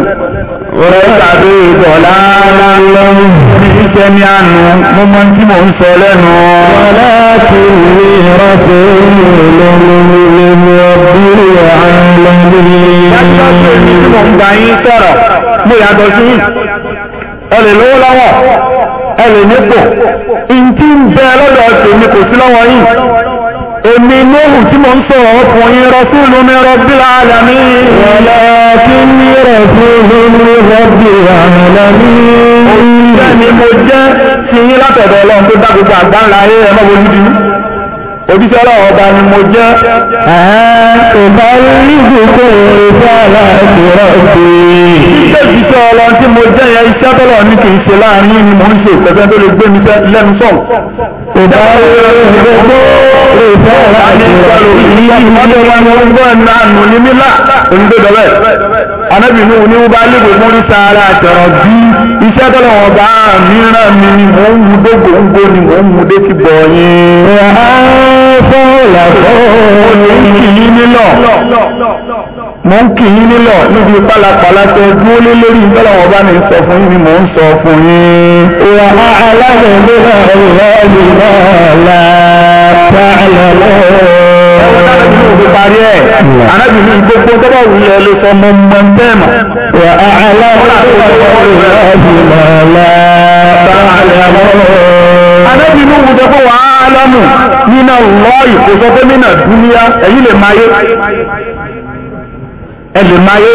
mẹ́ta bí ìbọ̀lá rẹ̀ ní tẹni àánú mo mọ tí mò ń sọ lẹ́nu. wàlá kì í rọ́ṣẹ́ lẹ́nu ọ̀bí àlọ́ mi. dájúdájú èmi tí mò ń gbà yín sọ̀rọ̀ ẹ lè lówó lọ́wọ́ ẹ lè nípò ntí ń bẹ lọ́dọ̀ tèmi kò sí lọ́wọ́ yìí èmi lóhùn tí mo ń sọ̀rọ̀ ọkùnrin rọ́sùlù mi rọ́bìlà àlàmí. wọ́lá kí ní rọ́sùlù mi rọ́bìlà àlàmí. òun jẹ́ ni mo jẹ́ ti yín látọ̀dọ̀ ọlọ́run tó dá gbogbo àgbáńlá ayé ẹ̀ mọ́ bolúdi ojúṣe ọlọ́run ọba ni mo jẹ́. ìbá oríṣi kò lè fẹ́ aláìsí rọ̀bì. iṣẹ́ ìṣiṣẹ́ ọlọ́run tí mo jẹ́ yẹn iṣẹ́ tọ́lọ̀ ní kì í ṣe láàrin yìí ni mò ń ṣe ìpẹ́sẹ́ tó lè gbé mi lẹ́nu sọ̀rọ̀. ìbá oríṣi kò lè fẹ́ aláìsí rọ̀bì. ọjọ́ wa ni wọ́n gbọ́ ẹ̀nà ànú ní mílà onídọ́dọ́bẹ̀. anábì ní oníwú bá lébo mú ní sàárà àtẹ̀rọ̀ bí iṣẹ́ tọ́lọ̀ ọba mìíràn mi ni mò ń mú dógò ń gbó ni mò ń mú dé ti bọ̀ yín fọ́ọ̀lá mo ń kì í nílọ̀ níbi pálapàla tẹ dúró lé lórí ìtọ́lọ̀wọ̀ bá ní sọ fún yín mo ń sọ fún yín. ìwà aláàbẹ̀lẹ́ ọ̀rọ̀ ìlọ́ọ̀lá tààlọ́lọ́ parí ẹ̀. Arábìnrin gbogbo tó bá wùlẹ̀ ló sọ mọ mọ bẹ́ẹ̀mà. Wà á aláwọ̀ ọ̀rọ̀ ìrọ̀lẹ́ anábì inú wùdó fún wa álámù nínà lọ ìkóso gómìnà dúníyà ẹ̀yìn lè máyé ẹ lè máyé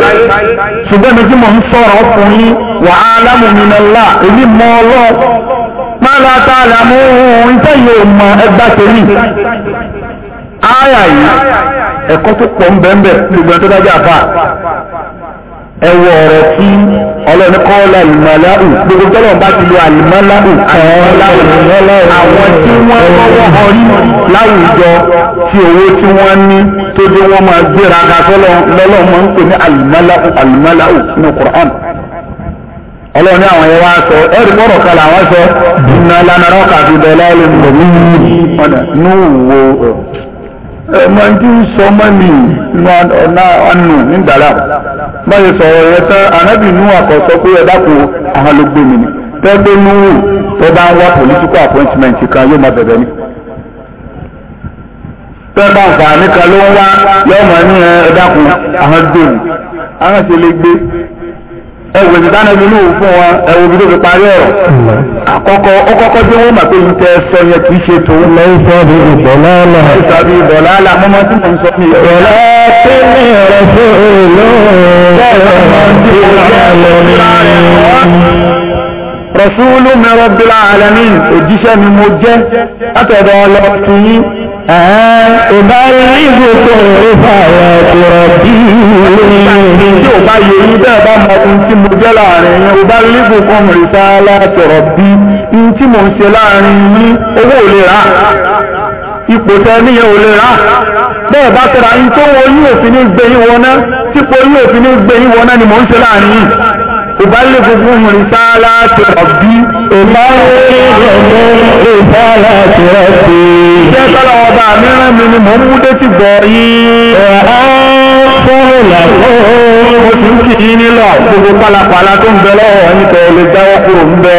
ṣùgbọ́n mi tí mò ń sọ̀rọ̀ fún yín wà álámù nínà là èmi mọ ọlọ́ mọ́lá tá a làmú ìtẹ́ yóò mọ ẹgbà tèmi áyà yìí ẹ̀kọ́ tó pọ̀ ń bẹ́ẹ̀ bẹ́ẹ̀ gbogbo ẹ̀ tó dájú àfà. ẹ wọ ọ̀rọ̀ tí ọlọ́run kọ́ ọ́ làlùmọ́láhù gbogbo tọ́lọ̀ bá ti lo àlùmọ́láhù àwọn àwọn tí wọ́n lọ́wọ́ ọrí láwùjọ tí owó tí wọ́n ní tó dé wọ́n máa gbéra ga tọ́lọ̀ lọ́lọ́ máa ń pè ní àlùmọ́láhù àlùmọ́láhù nínú Qur'an ọlọ́run ní àwọn yẹn wá sọ ẹ̀rí bọ́rọ̀ kan làwọn sọ ìnáwó lánàá rọ́ọ̀kà fi bẹ̀rẹ̀ lọ́ọ́ ẹmọ so ń sọ mọ́ni ọ̀nà ọ̀nù nígbàlá báyìí sọ̀rọ̀ yẹn tán anábì nú àkọ́sọ pé ẹ̀dákun àwọn ló gbé mi ni tẹ́gbẹ́ tó bá ń wá political appointment kan yóò máa bẹ̀bẹ̀ ni tẹ́gbà nǹkan nìkan ló ń wá ní àwọn ẹwù ìdáná mi ní òun fún wọn ẹwù mi ló fi parí ọ̀rọ̀ àkọ́kọ́ ó kọ́kọ́ jẹ́ wọ́n mà yìí tẹ sọ yẹn kì í ṣe tó. lẹ́yìn sábì ìbọ̀láàlà. lẹ́yìn sábì ìbọ̀láàlà mọ́mọ́ tí mò ń sọ mi. ìrọ̀lá tó ní ọ̀rọ̀ fún òòlù. rọ̀ṣúlù mi rọ̀bìlà àlàmì òjíṣẹ́ mi mo jẹ́ látọ̀dọ̀ ọlọ́ọ̀tún yín ọba ìrìnbó tó ń fa ọ̀rọ̀ bí i tí ó bá yẹ yí bẹ́ẹ̀ bá mọ ohun tí mo jẹ́ láàrin yín ọba ìrìnbó kan rìn sá látọ̀rọ̀ bí i tí mo ń ṣe láàrin yín owó ò lè rà ipò tẹ níyẹn ò lè rà bẹ́ẹ̀ bá tẹ̀ra yín tó wọ yín òfin ní gbẹ̀yìn wọná tí po yín òfin ní gbẹ̀yìn wọná ni mo ń ṣe láàrin yín. أبلغكم رسالات ربي أبلغكم رسالات ربي شكرا وضعنا من مهمودة الضعيف وأغفر لكم Oṣù kìí nílọ, gbogbo pálapàla tó ń bẹ lọ́wọ́ ẹni tẹ̀ lè jáwọ́ kúrò ń bẹ.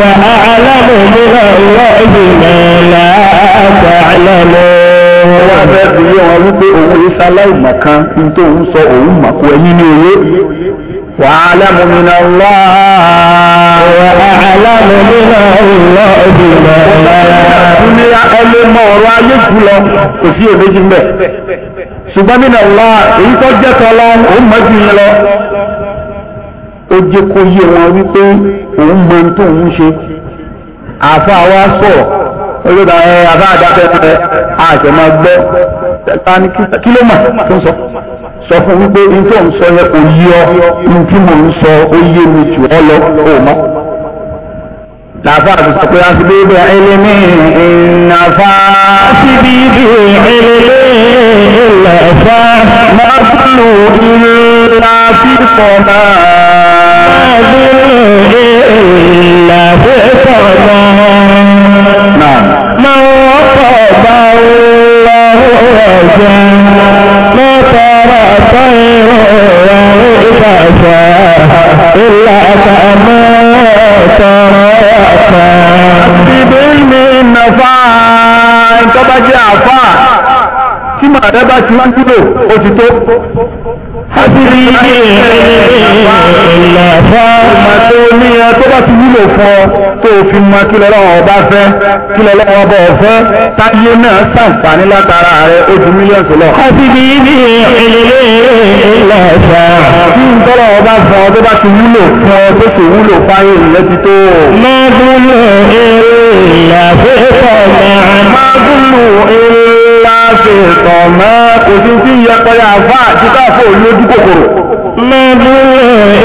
Wà á alámòmíràn lọ́ọ̀ ìgbìmọ̀ láàbà alámòmíràn wá fẹ́ fi yé wípé òun ìsáláì mọ̀kan ní tó ń sọ òun mọ̀kú ẹ̀yìn ní owó وأعلم من الله وأعلم من الله بما لا ẹlẹ́mọ̀ ọ̀rọ̀ ayé jù lọ kò sí èméjì mẹ́ ṣùgbọ́n nínú ọ̀la èyí tó jẹ́ tọ́lọ́ òun mọ́jú yín lọ ó jẹ́ kó yé wọn wípé òun mọ ohun tó ń ṣe àfa wa sọ̀rọ̀ olóòdà ẹ àfa àdáfẹ́ ẹ àṣẹ máa gbọ́ kí ló mà tó ń sọ sọ fún wípé n tó ń sọ yẹn kò yí ọ n tí mò ń sọ ó yé mi jù ọ lọ ó mọ. Nàfàá ti sọ pé a ti bí ẹlẹ́mí nàfàá ti bí ẹlẹ́mí ìlẹ̀fà máa lò ìlà fífọ̀ máa. Máa lò ìlà fífọ̀ الصلاة أما تراتا بِعِلْمِ النَّفَاعِ tó bá jẹ́ àfáà tí màdá bá ti wá ń dúró ó ti tó àdírí ìlàfà ìmọ̀tò ní ẹ tó bá ti wúlò fún ọ tó fi mọ kí lọ́lọ́wọ́ ọba fẹ́ kí lọ́lọ́wọ́ ọba ọ̀fẹ́ táyé náà sàǹfààní látara rẹ ó ju mílíọ̀nù lọ. àdírí ìlẹ̀ ìlàfà kí n tọ́lọ̀ ọba fún ọ tó bá ti wúlò fún ọ tó sì wúlò fáyé ìrẹsì tó. mọ́dúnlẹ̀ èrè ìlà fi tọ̀mọ̀ máa gúnmù ìlà fi tọ̀mọ̀ kò sí sí yẹpẹrẹ àfá àti káàfó lójú kòkòrò. máa gúnmù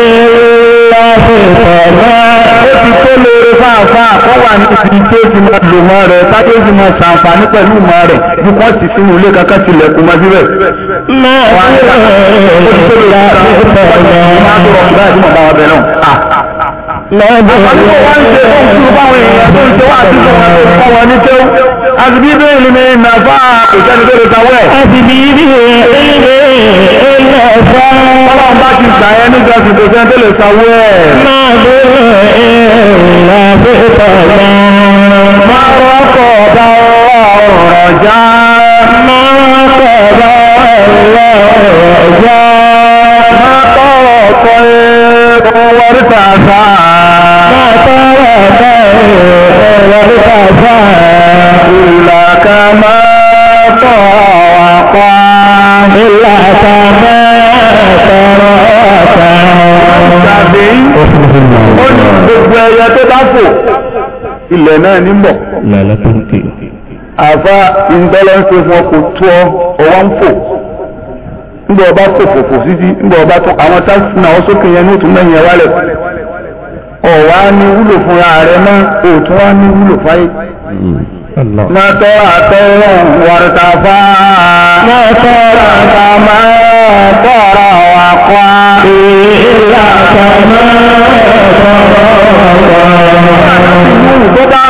ìlà fi tọ̀mọ̀ ó ti tó lóore fáfá kó wà ní ibi tí ó ti máa lò mọ́ rẹ̀ tábí ó ti máa ṣàǹfààní pẹ̀lú mọ́ rẹ̀ bí wọ́n ti sínú ilé kankan tilẹ̀kùn mọ́ síbẹ̀. máa gúnmù ìlà fi tọ̀mọ̀ lọ́dún àwọn ọmọ wọn ṣe fún kúrú báwọn èèyàn tó ń ṣe wá sí fún wọn tó wọn ní tẹ́wọ́ àtibí bẹ́ẹ̀ ni mi nà fà ìṣẹ́ni tó lè tawẹ́. àtibí bẹ́ẹ̀ ni mi nà fà. ọlọ́run bá ti gbà ẹ́ nígbà tí kò sẹ́ni tó lè tawẹ́. máa bẹ̀rẹ̀ ìlànà tó tọ̀ náà. máa rọ́kọ̀ bá ọ̀rọ̀ já. rẹ̀ náà ní bọ̀. làlá tó ń ké. àfa ìgbọ́lọ́ ń ṣe fún ọ kò tó ọ ọwọ́ ń fò ńgbọ́ ọba fò fò fò sí ti ńgbọ́ ọba tó àwọn táàsì náà sókè yẹn ní òtún mẹ́yìn ẹ̀wá rẹ̀ ọ̀wá ní wúlò fúnra rẹ̀ mọ́ òtún wá ní wúlò fáyé. Nàtọ́ àtọ́rọ̀ wàrùtà fá. Nàtọ́ àtàmà tọ̀rọ̀ wà kọ́. Èyí ìlà àtàmà.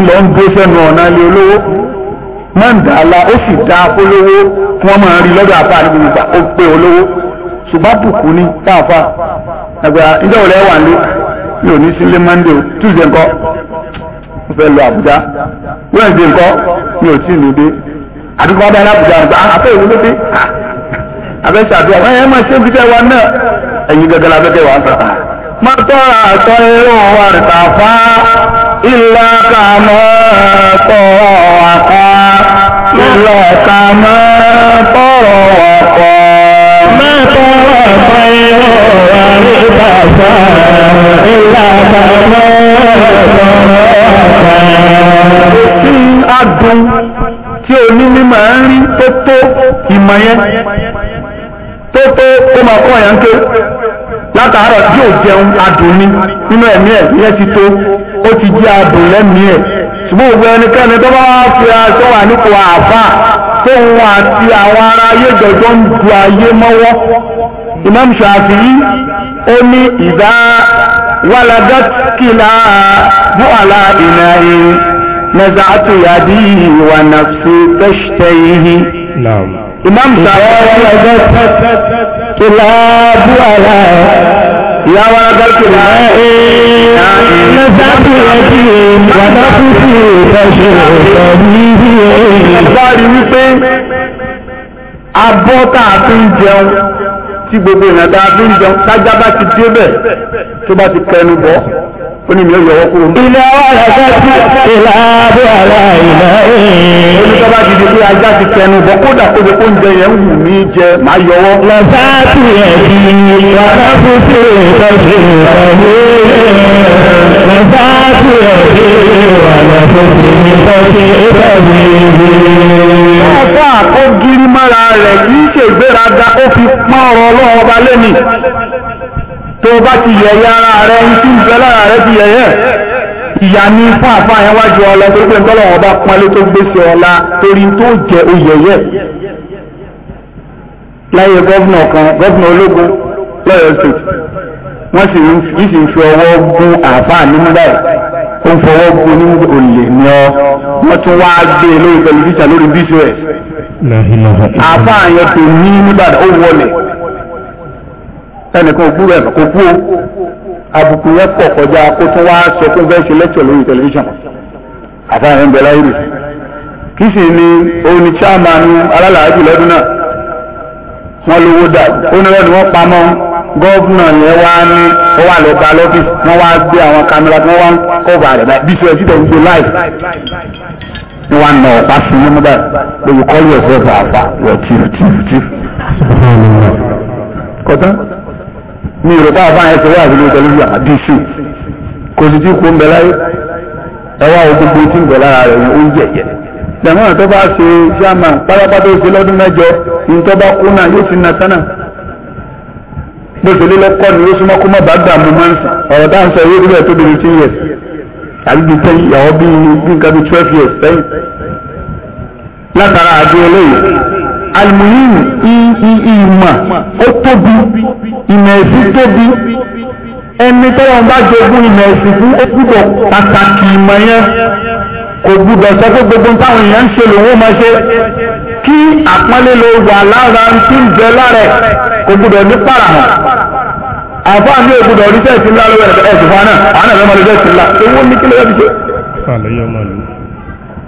ńlọ ń gbé sẹ́nu ọ̀nà ilé olówó máa ń dà á la ó sì dá olówó kí wọ́n máa rí lọ́dọ̀ àfa àti gbogbo ìgbà ó pé olówó ṣùgbọ́n bùkún ní táàfà àgbà ìjọ òlẹ̀ wà ní mi ò ní sílé mọ́ndé o túùjẹ ńkọ́ mo fẹ́ lọ àbújá wíwẹ̀ǹdé ńkọ́ mi ò tí lóde àdúgbò ọ̀dà alábùjá ńgbà àfẹ́ ah, ìwé lóde ah, àfẹ́sàdúrà wọ́n yẹn máa ṣe bí wa náà ẹ̀yin gẹ́gẹ́ la fẹ́ kẹ́ wa ń sàtà. mọ́tò àtọ́ irun wa rẹ̀ tà إلا كما طرقا إلا كما طرقا ما طرق ولبسا إلا كما طرقا adùn tí o ní mímọ̀ ń rí tó tó ìmọ̀ yẹn tó tó kó máa kọ́ yẹn ké látàárọ̀ tí ò jẹun adùn ni nínú ẹ̀mí ẹ̀ yẹn ti tó ó ti jí adùn lẹ́mìí ẹ̀ ṣùgbọ́n gbogbo ẹnikẹ́ni tó bá fi aṣọ wà nípò àáfà tóun àti àwọn ará ayé jọjọ ń ju ayé mọ́wọ́ Imam Shafi'i ó ní ìdá waladat kìlá bó àlà ìnà ìrìn naza'atu yadi wa nafsi tashtayhi. Imam Shafi'i waladat kìlá bó àlà ìyá wa dákì rẹ̀ lọ́sàkì ẹ̀jì wàdákù sí ìfẹsẹ̀ ìfẹ̀mí bí i. wá rí wípé abọ́ tá a fi ń jẹun tí gbogbo ìrìnàjò a fi ń jẹun tájá bá ti débẹ̀ tó bá ti kẹnu bọ́ ó ní mi ò yọ ọwọ́ kúrò. ilé ọ̀rọ̀ ẹ̀ka ti ìlà abẹ́ àlá ìlà ẹ̀yìn. onítọ́ba ti di pé ajá ti tẹnu bọ́ kódà kó de oúnjẹ yẹn ń wù mí jẹ màá yọwọ́. lọ́sàtì ẹ̀dì wàtá fún sí ìtọ́jú ìtọ́jú lọ́sàtì ẹ̀dì wàtá fún sí ọ̀pọ̀ àkọ́gírí mọ́ra rẹ̀ kì í ṣègbéraga ó fi pọ́n ọ̀rọ̀ ọlọ́wọ́ tó o bá ti yẹ̀yẹ́ ara rẹ ń tí ń bẹ lára rẹ ti yẹ̀yẹ́ ìyá ní fáfá yẹn wájú ọlọ tó pé nǹkan lọ́wọ́ bá pọ́nlé tó gbèsè ọ̀la torí tó jẹ oyẹ̀yẹ́ láyé gọ́vnà kan gọ́vnà ológun lọ́yọ̀ state wọ́n sì ń fi ọwọ́ gún àáfàá nínú báyìí ó ń fọwọ́ gún ní olè ní ọ wọ́n tún wá gbé e lórí tẹlifíṣàn lórí bíṣọ ẹ̀ àáfàá yẹn tó ní nígbà ó wọlé ẹnìkan òkú rẹ̀ kò kú o àbùkù yẹn pọ̀ kọjá kó tún wá sọ fún bẹ́ẹ̀ ṣe lẹ́tọ̀ lórí tẹlifíṣàn àfahàn ẹ̀ńbẹ̀ láyé rè kí sì ni òun ni chairman alálàájì lọ́dún náà wọ́n lówó dà ó ní wọ́n ni wọ́n pamọ́ gọ́ọ̀fúnà yẹn wá ní wọ́n wà lọ́ọ́ ba lọ́fíìsì wọ́n wá gbé àwọn kámẹ́rà tí wọ́n wá ń kọ́ọ̀bà rẹ̀ báyìí bí sọ́ọ́ títẹ̀ gbogbo láì ni wọ́n nà ọ̀pá sí nínú báyìí lóyún kọ́ yẹ̀ fẹ́ fà á fà wọ́n tìrù tìrù tìrù kọ́tán. mi rò bá àbáyẹ sọ wáyé ló yà dìṣù kò sì tí kò ń bẹ láyé ẹwà ògbógbó tí ń bẹ lára rẹ̀ ní oúnjẹ jẹ dàmọ́ àtọ́ bá ṣe ṣáàmà pátápátá ó ṣe lọ́dún mẹ́jọ bá kú náà yóò ti na sánà ni ó súnmọ́ kó má bá máa ń sàn ọ̀rọ̀ ń sọ yóò ẹ̀ tó ten years ten almuhim ìmọ̀ ó tóbi ìmọ̀ ẹ̀sìn tóbi ẹni tọ́wọ́n bá jogún ìmọ̀ ẹ̀sìn fún ó gbúdọ̀ pàtàkì ìmọ̀ yẹn kò gbúdọ̀ sọ pé gbogbo táwọn èèyàn ń ṣe lòun máa ṣe kí àpọ́nlé ló wà lára ń tí ń jẹ lára kò gbúdọ̀ ní pàràmọ̀ àbá mi ò gbúdọ̀ oríṣẹ́ ìsìn ńlá lọ́wọ́ ẹ̀sìn fún aná àwọn ẹ̀rọ ọmọdé ìsìn ńlá owó ní kí lóyè ti ṣe.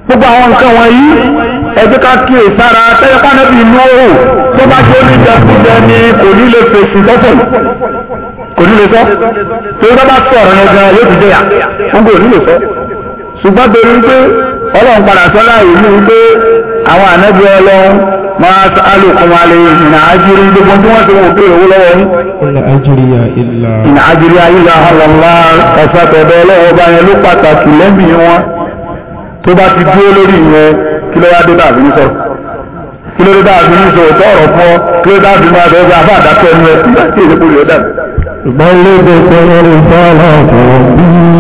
gbogbo àwọn nǹkan wọ̀nyí ẹjẹ́ ká kí ìsára tẹ́lẹ̀ pánẹ́bì inú oòrùn tó bá jẹ́ oníjẹkújẹ ni kò ní lè fèsì tọ́pọ̀ kò ní lè sọ tó bá bá ọ̀rọ̀ yẹn gan yóò ti jẹyà wọn kò ní lè sọ ṣùgbọ́n torí wípé ọlọ́run padà sọ láàyè ní wípé àwọn ànábì ọlọ́run máa sọ alùpùpù wọn lè gbogbo tí wọ́n ti wọ́n pè kí ló wá dé tàbí ní sọ kí ló dé tàbí ní sọ òótọ́ ọ̀rọ̀ fún ọ kí ló tàbí ní àbẹ̀ ọgbà àbá àdákẹ́ ẹnu ẹ kí èdè kò lè dà. ìgbàlódé tó ń rí sọ́ọ̀lá ọ̀tọ̀.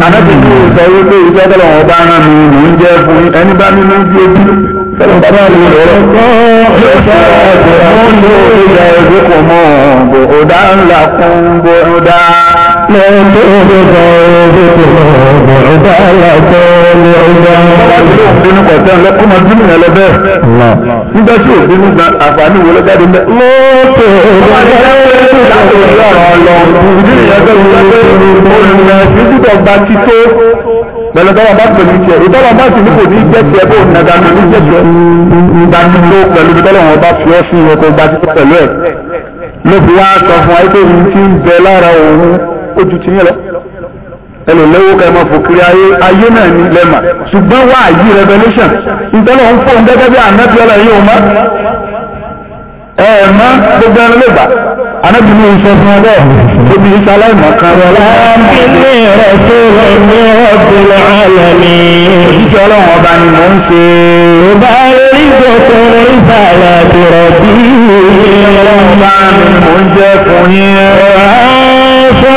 anábìyí sọ wípé iṣẹ́ tọ́lọ̀ wọn bá rán mi mò ń jẹ́ fún ẹni bá nínú bí ojú tọ́lọ̀ bá rán mi rẹ̀ ọ̀dà ńlá kún bó ọ̀dà لا تؤذي قلوبكم بعدالة lẹ́kùnmọ̀ bínú yẹn lọ bẹ́ẹ̀ nígbà tí òbí ní gba àǹfààní wo lọ́jáde mẹ́. lóòótọ́ ọ̀rọ̀ ọlọ́run ìdí nìyẹn bẹ́ẹ̀ wọ́n lé olùrẹ̀ ìdúdọ̀ gba ti tó pẹ̀lú tọ́wọ́ bá pè ní tiẹ̀ ìtọ́wọ́ bá sì ní kò ní jẹ́ tiẹ̀ bó nàdá ní jẹ́ tiẹ̀ gba ti tó pẹ̀lú tọ́lọ́wọ́n bá fi ọ́ sí ìwọ́kọ̀ gba ti tó pẹ̀lú ẹ̀ ló fi wá sọ fún wa pé òun ti ń bẹ lára òun ojú ti yín lọ ẹlòlówó ká ẹ máa fòkiri ayé ayé náà ní lẹ́mà ṣùgbọ́n wà yí revolution ìtọ́lọ̀ ń fóun gẹ́gẹ́ bí ànábì ọ̀la yìí ò ẹ ẹ gbogbo ẹran lè gbà ànábì ní ìṣe fún ọ bẹ́ẹ̀ tóbi ìṣe aláìmọ̀ kan rẹ láàmì ní ìrẹsì rẹ ní ọdún alẹ́ ní ìṣiṣẹ́ ọlọ́run ọba ni mò ń ṣe. ọba oríṣi òkèrè ìsàlẹ̀ àbúrò bíi. ìṣiṣẹ́ ọlọ́run ọba ni mò ń jẹ́ fún yín.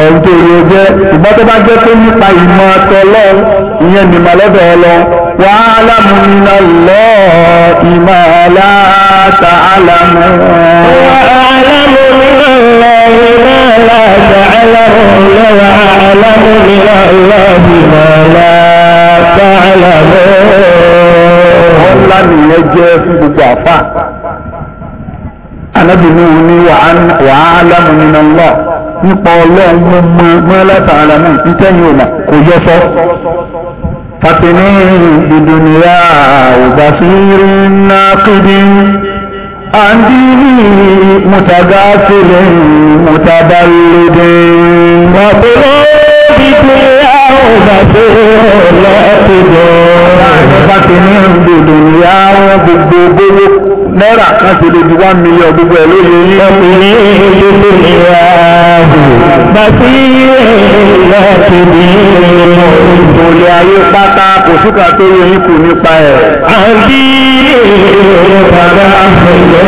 ọ̀hún tó rí o jẹ́ ìgbà tó bá jẹ́ pé nípa ìmọ̀ àtọ̀lọ́ ìyẹn nìmọ̀ lọ́dọ̀ ọlọ wà á lámúnà lọ ìmọ̀ aláta àlámù. wà á lámúnà lọ ìmọ̀ aláta àlámù lọ́wọ́ àlámúnà lọ ìmọ̀ aláta àlámù. ọ̀la nìyẹn jẹ́ fún gbogbo àfà. anábìnrin ni wà á lámúnà lọ nípa ọlọ́run mú mọ́ mọ́ látàrà náà nítẹ̀yìn ọ̀nà kò yẹ sọ. fàtìní ìdùnnìyà òbáṣírí nákìdí àndínì mùtàgáfìlì mùtàbálódé. wàtò lọ́ọ́ bí tó ìgbàgbé lọ́kùnjọ́. Bá ti ní ìdòdò ìyá wọn gbogbo gbogbo náírà kan ti lè di one million gbogbo ẹ̀ lóye yín. Ọkùnrin ìdòdò ìyá wọn. Bá ti lọ́kùnjọ́. Ìtòlè ayé pátá kò síkà tó yẹ yín kù nípa ẹ̀. Àbí èrò bàbá èrò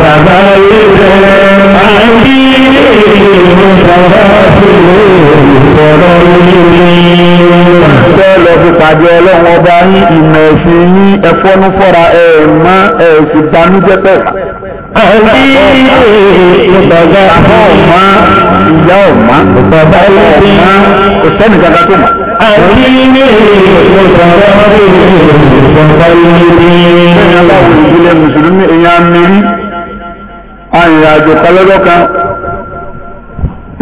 bàbá yìí rẹ̀. Àbí èrò bàbá èrò. Bẹ́ẹ̀ lọ fi pàdé ọlọ́run ọba ní ìmọ̀ ẹ̀sìn yín ẹ̀fọ́nú fọ́ra ẹ̀ mọ́ ẹ̀sìn banújẹ́ pẹ̀lú. Bàbá ọ̀ma ìyá ọ̀ma bàbá ọ̀ma kò sẹ́ni kankan tó mọ̀. Ìyá bá wù ìdílé Mùsùlùmí ìyá mẹ́rin, àrìnrìn àjò kan lọ́dọ̀ kan.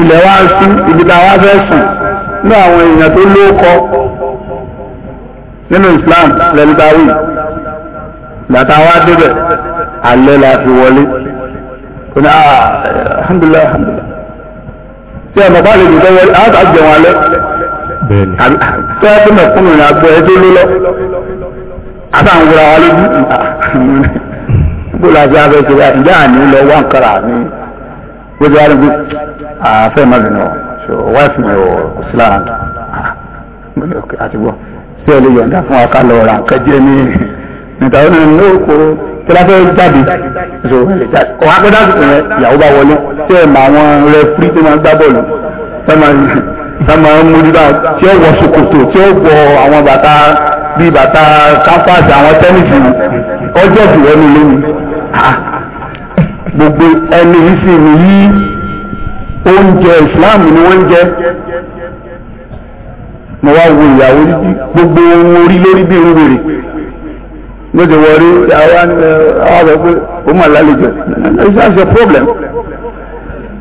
ilẹ̀ wa ń sú ibi tá a wá fẹ́ sùn ní àwọn èèyàn tó lóókọ nínú Islam lẹ́nitawi gbàtà wa débẹ̀ alẹ́ la fi wọlé kò ní alhamdulilayi alhamdulilayi tí a bàbá lè dùn wọlé a ta jẹun alẹ́ tó a tún bẹ̀ fún mi àgbẹ̀ ẹ tó ló lọ a ń wa lójú <laughs> bó la fi abẹ́ ṣe báyìí ìjà àní lọ bó ti wá a bí àfẹ́ má bínú ọ so wife mi ò kò sí lára mo ní òkè àti gbọ́ sí ẹ lè yọ̀ǹda fún wa ká lọ ra nǹkan jẹ́ ní níta ó ní ní òkú tí láfẹ́ jáde so ẹ lè jáde ọ̀hún akọ́dá tuntun rẹ ìyàwó bá wọlé tí ẹ̀ máa wọn rẹ fúrí tí wọ́n gbá bọ́ọ̀lù tí wọ́n máa ń mójú bá wọ ṣòkòtò tí wọ àwọn bàtà bíi bàtà káfáàsì àwọn tẹ́nìsì ọjọ́ ìwọ́nú lónìí gbogbo ẹni yìí sì nìyí oúnjẹ ìsìláàmù ni wọ́n ń jẹ mo wá wo ìyàwó gbogbo ohun orí lórí bí irun wèrè ló ti wọrí àwọn àwọn pé ó mà lálejò it's a problem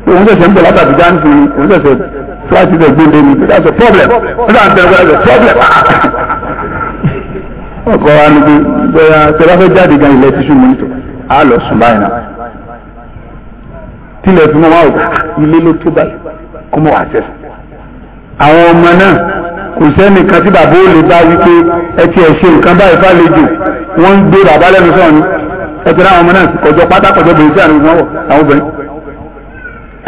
òun ṣẹ̀ṣẹ̀ ń bọ̀ látàbí dáńtì òun ṣẹ̀ṣẹ̀ fúláṣí ṣẹ̀ gbóndé ni that's a problem ó dà ń tẹ̀lé that's a problem ọkọ̀ wa ni pé bẹ́ẹ̀ tẹ̀lé fẹ́ jáde gan ilẹ̀ tíṣù mọ́nítọ̀ á lọ sùn báyìí náà. tilẹ̀ fún wa ilé ló tó báyìí kó mọ̀ wá sẹ́sẹ̀. àwọn ọmọ náà kò sẹ́nìkan tí bàbá ò lè bá wípé wọ́n ń gbé bàbá lẹ́nu sọ̀rọ̀ ni ọmọ náà kọjọ pátá bèrè sí àwọn obìnrin.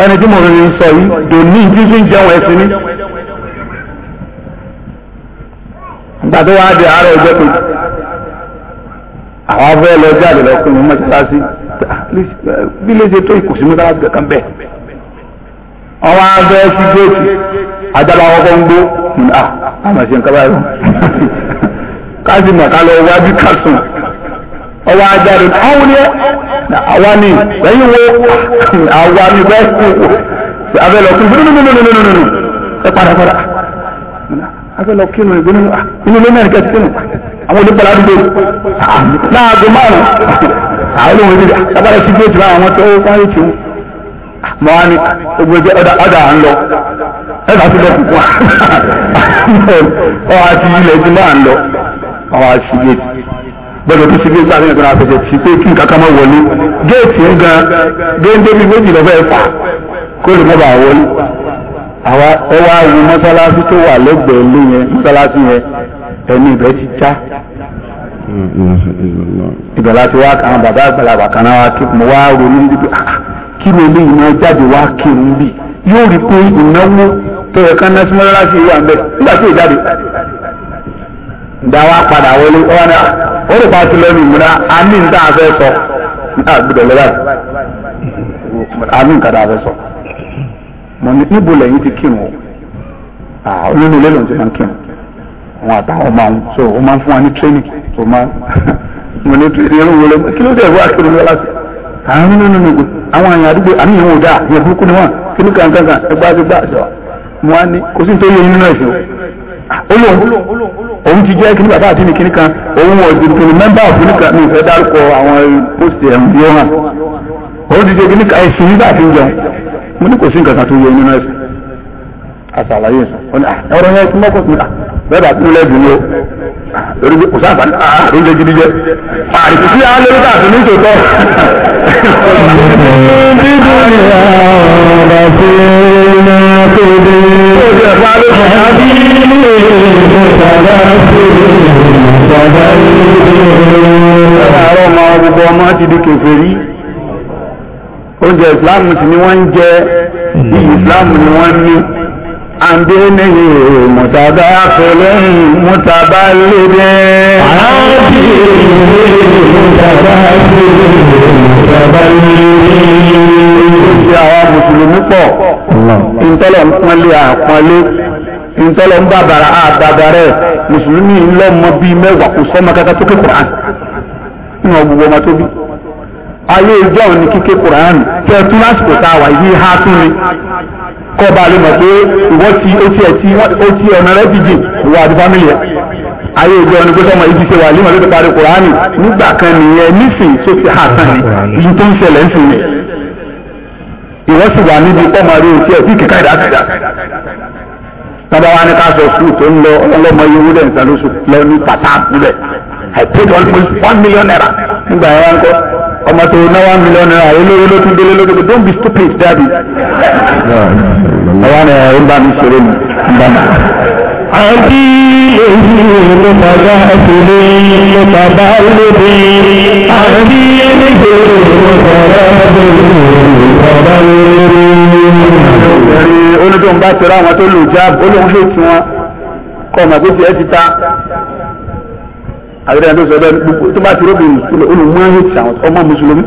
ẹni tí mo rìn rìn sọ yìí dòní ń jẹun ní. ìgbà tó di àárọ̀ àwọn bí lè ṣe tó ìkùsí mú sára kan bẹ́ẹ̀ ọwọ́ abẹ́ sí géètì ajábá ọkọ̀ ń gbó à àmà ah, ṣe nǹkan báyìí <laughs> káàsì mà ká lọ wájú kásùn ọwọ́ ajáde àwọn ni àwa ni lẹ́yìn wo <laughs> àwa ni bẹ́ẹ̀ kú abẹ́ lọ kú nínú nínú nínú nínú ẹ padà padà abẹ́ lọ kí nínú nínú nínú ilé mẹ́rin kẹ́sì kí nínú àwọn olùkọ́ ládùúgbò láàgó márùn-ún. <laughs> àwọn olóhùn ti agbára sí géètì báwọn àwọn tó wọ́n rí tiwọn mọ wá ní gbogbo ẹgbẹ́ ọ̀dà ọ̀dà à ń lọ ẹ̀ka tó lọ́kùn fún wa ọ̀ àti ilẹ̀ na máa ń lọ ọ̀ àti géètì gbọ́dọ̀ tó sí géètì àti ìgbà àfẹsẹ̀ sí pé kí nǹkan kan máa wọlé géètì ń gan géńdé bíi méjì lọ́fẹ́ fà kó lè bàa wọlé àwa ẹ wá ìbẹ̀ láti wá àwọn bàbá àgbàlagbà kan náà wá kí mo wá ronú níbi ah, ah, kí ló lè iná jáde wá kí n bì yóò rí pé ìnáwó tó yẹ ká náà súnmọ́ láti ìwà ń bẹ̀ nígbà tí ìjáde dáwà padà wọlé ọ̀nà ah, ó lè bá ti lọ́nu ìmúra a ní sọ nígbà gbọdọ̀ lọ́wọ́ a ní nǹkan àfẹ́ sọ mo níbo lẹ́yìn ti kírun o nínú ilé ti máa kírun. wọn àtàwọn ọmọ so ó máa fún wa ní training ó máa <laughs> mo ní training ẹ̀rọ wọlé kí ló dé ẹ̀rọ akéwì àwọn nínú nínú àwọn àyàn àdúgbò àmì ìyẹn burúkú ni wọn kí ní kankankan ẹgbẹ́ ya àṣọ mo á ní kò sí nítorí oyún nínú ẹ̀sìn o ah, lóun òun ti jẹ́ kíní bàbá àti nìkíní kan òun ọ̀dùn tó ní mẹ́mbà òfin kan mi ìfẹ́ bẹ́ẹ̀ bá tún lẹ́jù ni o lórí kò sáà bá ló lé gidi jẹ àrìkú sí àwọn lórí káàtó ní tòótọ́. dídùn ní àwọn àti iná tó dé. ó jẹ́ ẹ̀fọ́ alẹ́ fún mi. àbí ilé ìṣẹ̀dá sí ìṣẹ̀dá ilé. àárọ̀ ọmọ gbogbo ọmọ ti di kèfèrí oúnjẹ ìsìláàmù sì ni wọ́n ń jẹ bí ìsìláàmù ni wọ́n ń ní. عن دينه متداخل متبلد mùsùlùmí bíi kò tó ké nínú ọmọ tó bí ayé ní kíké tún ni kọ́ bá lè mọ̀ pé ìwọ́ ti otí ẹ̀ tí ó ti ọ̀nà rẹ̀ ti jìn ìwọ àti fámìlì ẹ̀. ayé ìjọ ni gbọ́dọ̀ mọ̀ ibi ṣe wà límọ̀ ló ti parí kùránì nígbà kan nìyẹn nísìn tó ti hà tán ni ibi tó ń ṣẹlẹ̀ ń sìn. ìwọ́ sì wà níbi pọ́ máa rí otí ẹ̀ tí kìkà ìdákàdá. tábà wá ní ká sọ sùúrù tó ń lọ ọlọ́mọ yòówù dẹ̀ nǹkan lóṣù lọ ní pàtàkùn rẹ̀ I paid almost one million naira nígbà yẹn wá ń kọ́ ọmọ tó náwó mílíọ̀nù náírà olówó ló tún délé lórí don't be stupid daddy. ọwọ́ ni ẹ̀ ń bá mi ṣeré mi ń bá mi. àbí èyí ló bàbá àtúndé ló bàbá lóde àbí èyí ló bàbá àtúndé bàbá lóde. olùdó ń bá tẹ̀lé àwọn tó lò jáàbù olóhùn ló ti wọn kọ́ ọmọ àgbẹ̀tì ẹ̀ ti ta àbúrò yẹn tó sọ bẹ́ẹ̀ gbogbo tó bá ti rọ́bì olùmọ́ ayé ti àwọn ọmọ mùsùlùmí.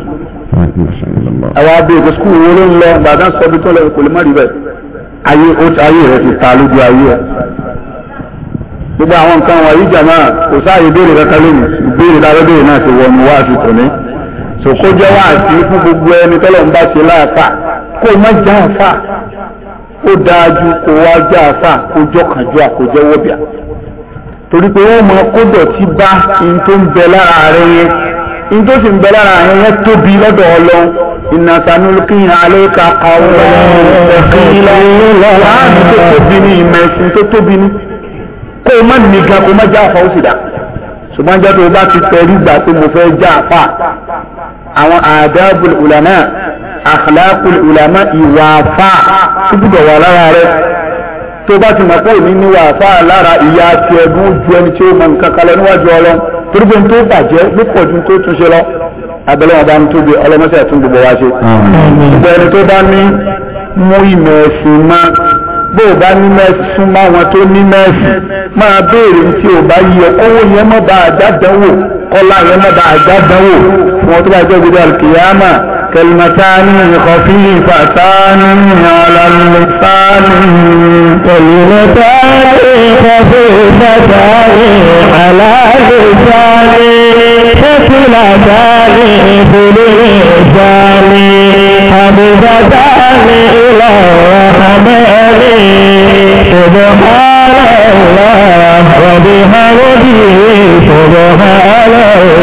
àwọn abẹ́rẹ́ kò sukùl wo ló ń lọ bàbá sọ bí tó lọ kò lè má rí bẹ́ẹ̀ ayé ayé rẹ ti ta lójú ayé ẹ. gbogbo àwọn nǹkan wọ̀nyí jàmá kò sáàyè béèrè rẹ kan lónìí béèrè dáadọ́ béèrè náà ti wọnú wá àti tòní. sòkó jẹ́ wá àti fún gbogbo ẹni tọ́lọ̀ ń bá ṣe láàfà kó má já àfà ó dáa ju kó wá já àfà kó jọ kàn ju àkójọ wọ́bìà torí pé wọ́n mọ kódọ̀ tí bá in tó ń bẹ lára rẹ yẹn in tó sì ń bẹ lára rẹ yẹn tóbi lọ́dọ̀ ọlọ́run ìnà sanulukíyàn aléka kàwé ẹ̀kìnlá láàánú tó tóbi ní ìmẹ̀sìn tó tóbi ní kó o má nìkan kó o má já ọkọ̀ ó sì dá ṣùgbọ́n jẹ́ tó o bá ti tẹ̀rí gbà pé mo fẹ́ já apá àwọn àdábùl ulama akhlaqul ulama ìwà àfà tó gbúdọ̀ wà lára rẹ tó bá ti mọ̀ pé èmi ní wàhálà lára ìyá àti ẹ̀gún ju ẹni tí ó mọ nǹkan kan níwájú ọlọ́ torí n tó bàjẹ́ ló pọ̀ ju tó túnṣe lọ abẹ́lẹ́ wọn bá ń tóbi ọlọ́mọṣẹ́ tún gbogbo wa ṣe. gbogbo ẹni tó bá ní mú ìmọ̀ ẹ̀sìn máa bó o bá ní mẹ́sì súnmọ́ àwọn tó ní mẹ́sì máa béèrè tí o bá yẹ owó yẹn mọ́ bá àjádánwò kọ́lá yẹn mọ́ bá àjádánwò fún ọ tó bá jẹ́ gbogbo àlùkìyàmà كلمتان خفيفتان على اللسان كلمتان خفيفتان على اللسان ثقلتان في اللسان حبيبتان إلى الرحمن سبحان الله وبحمده سبحان الله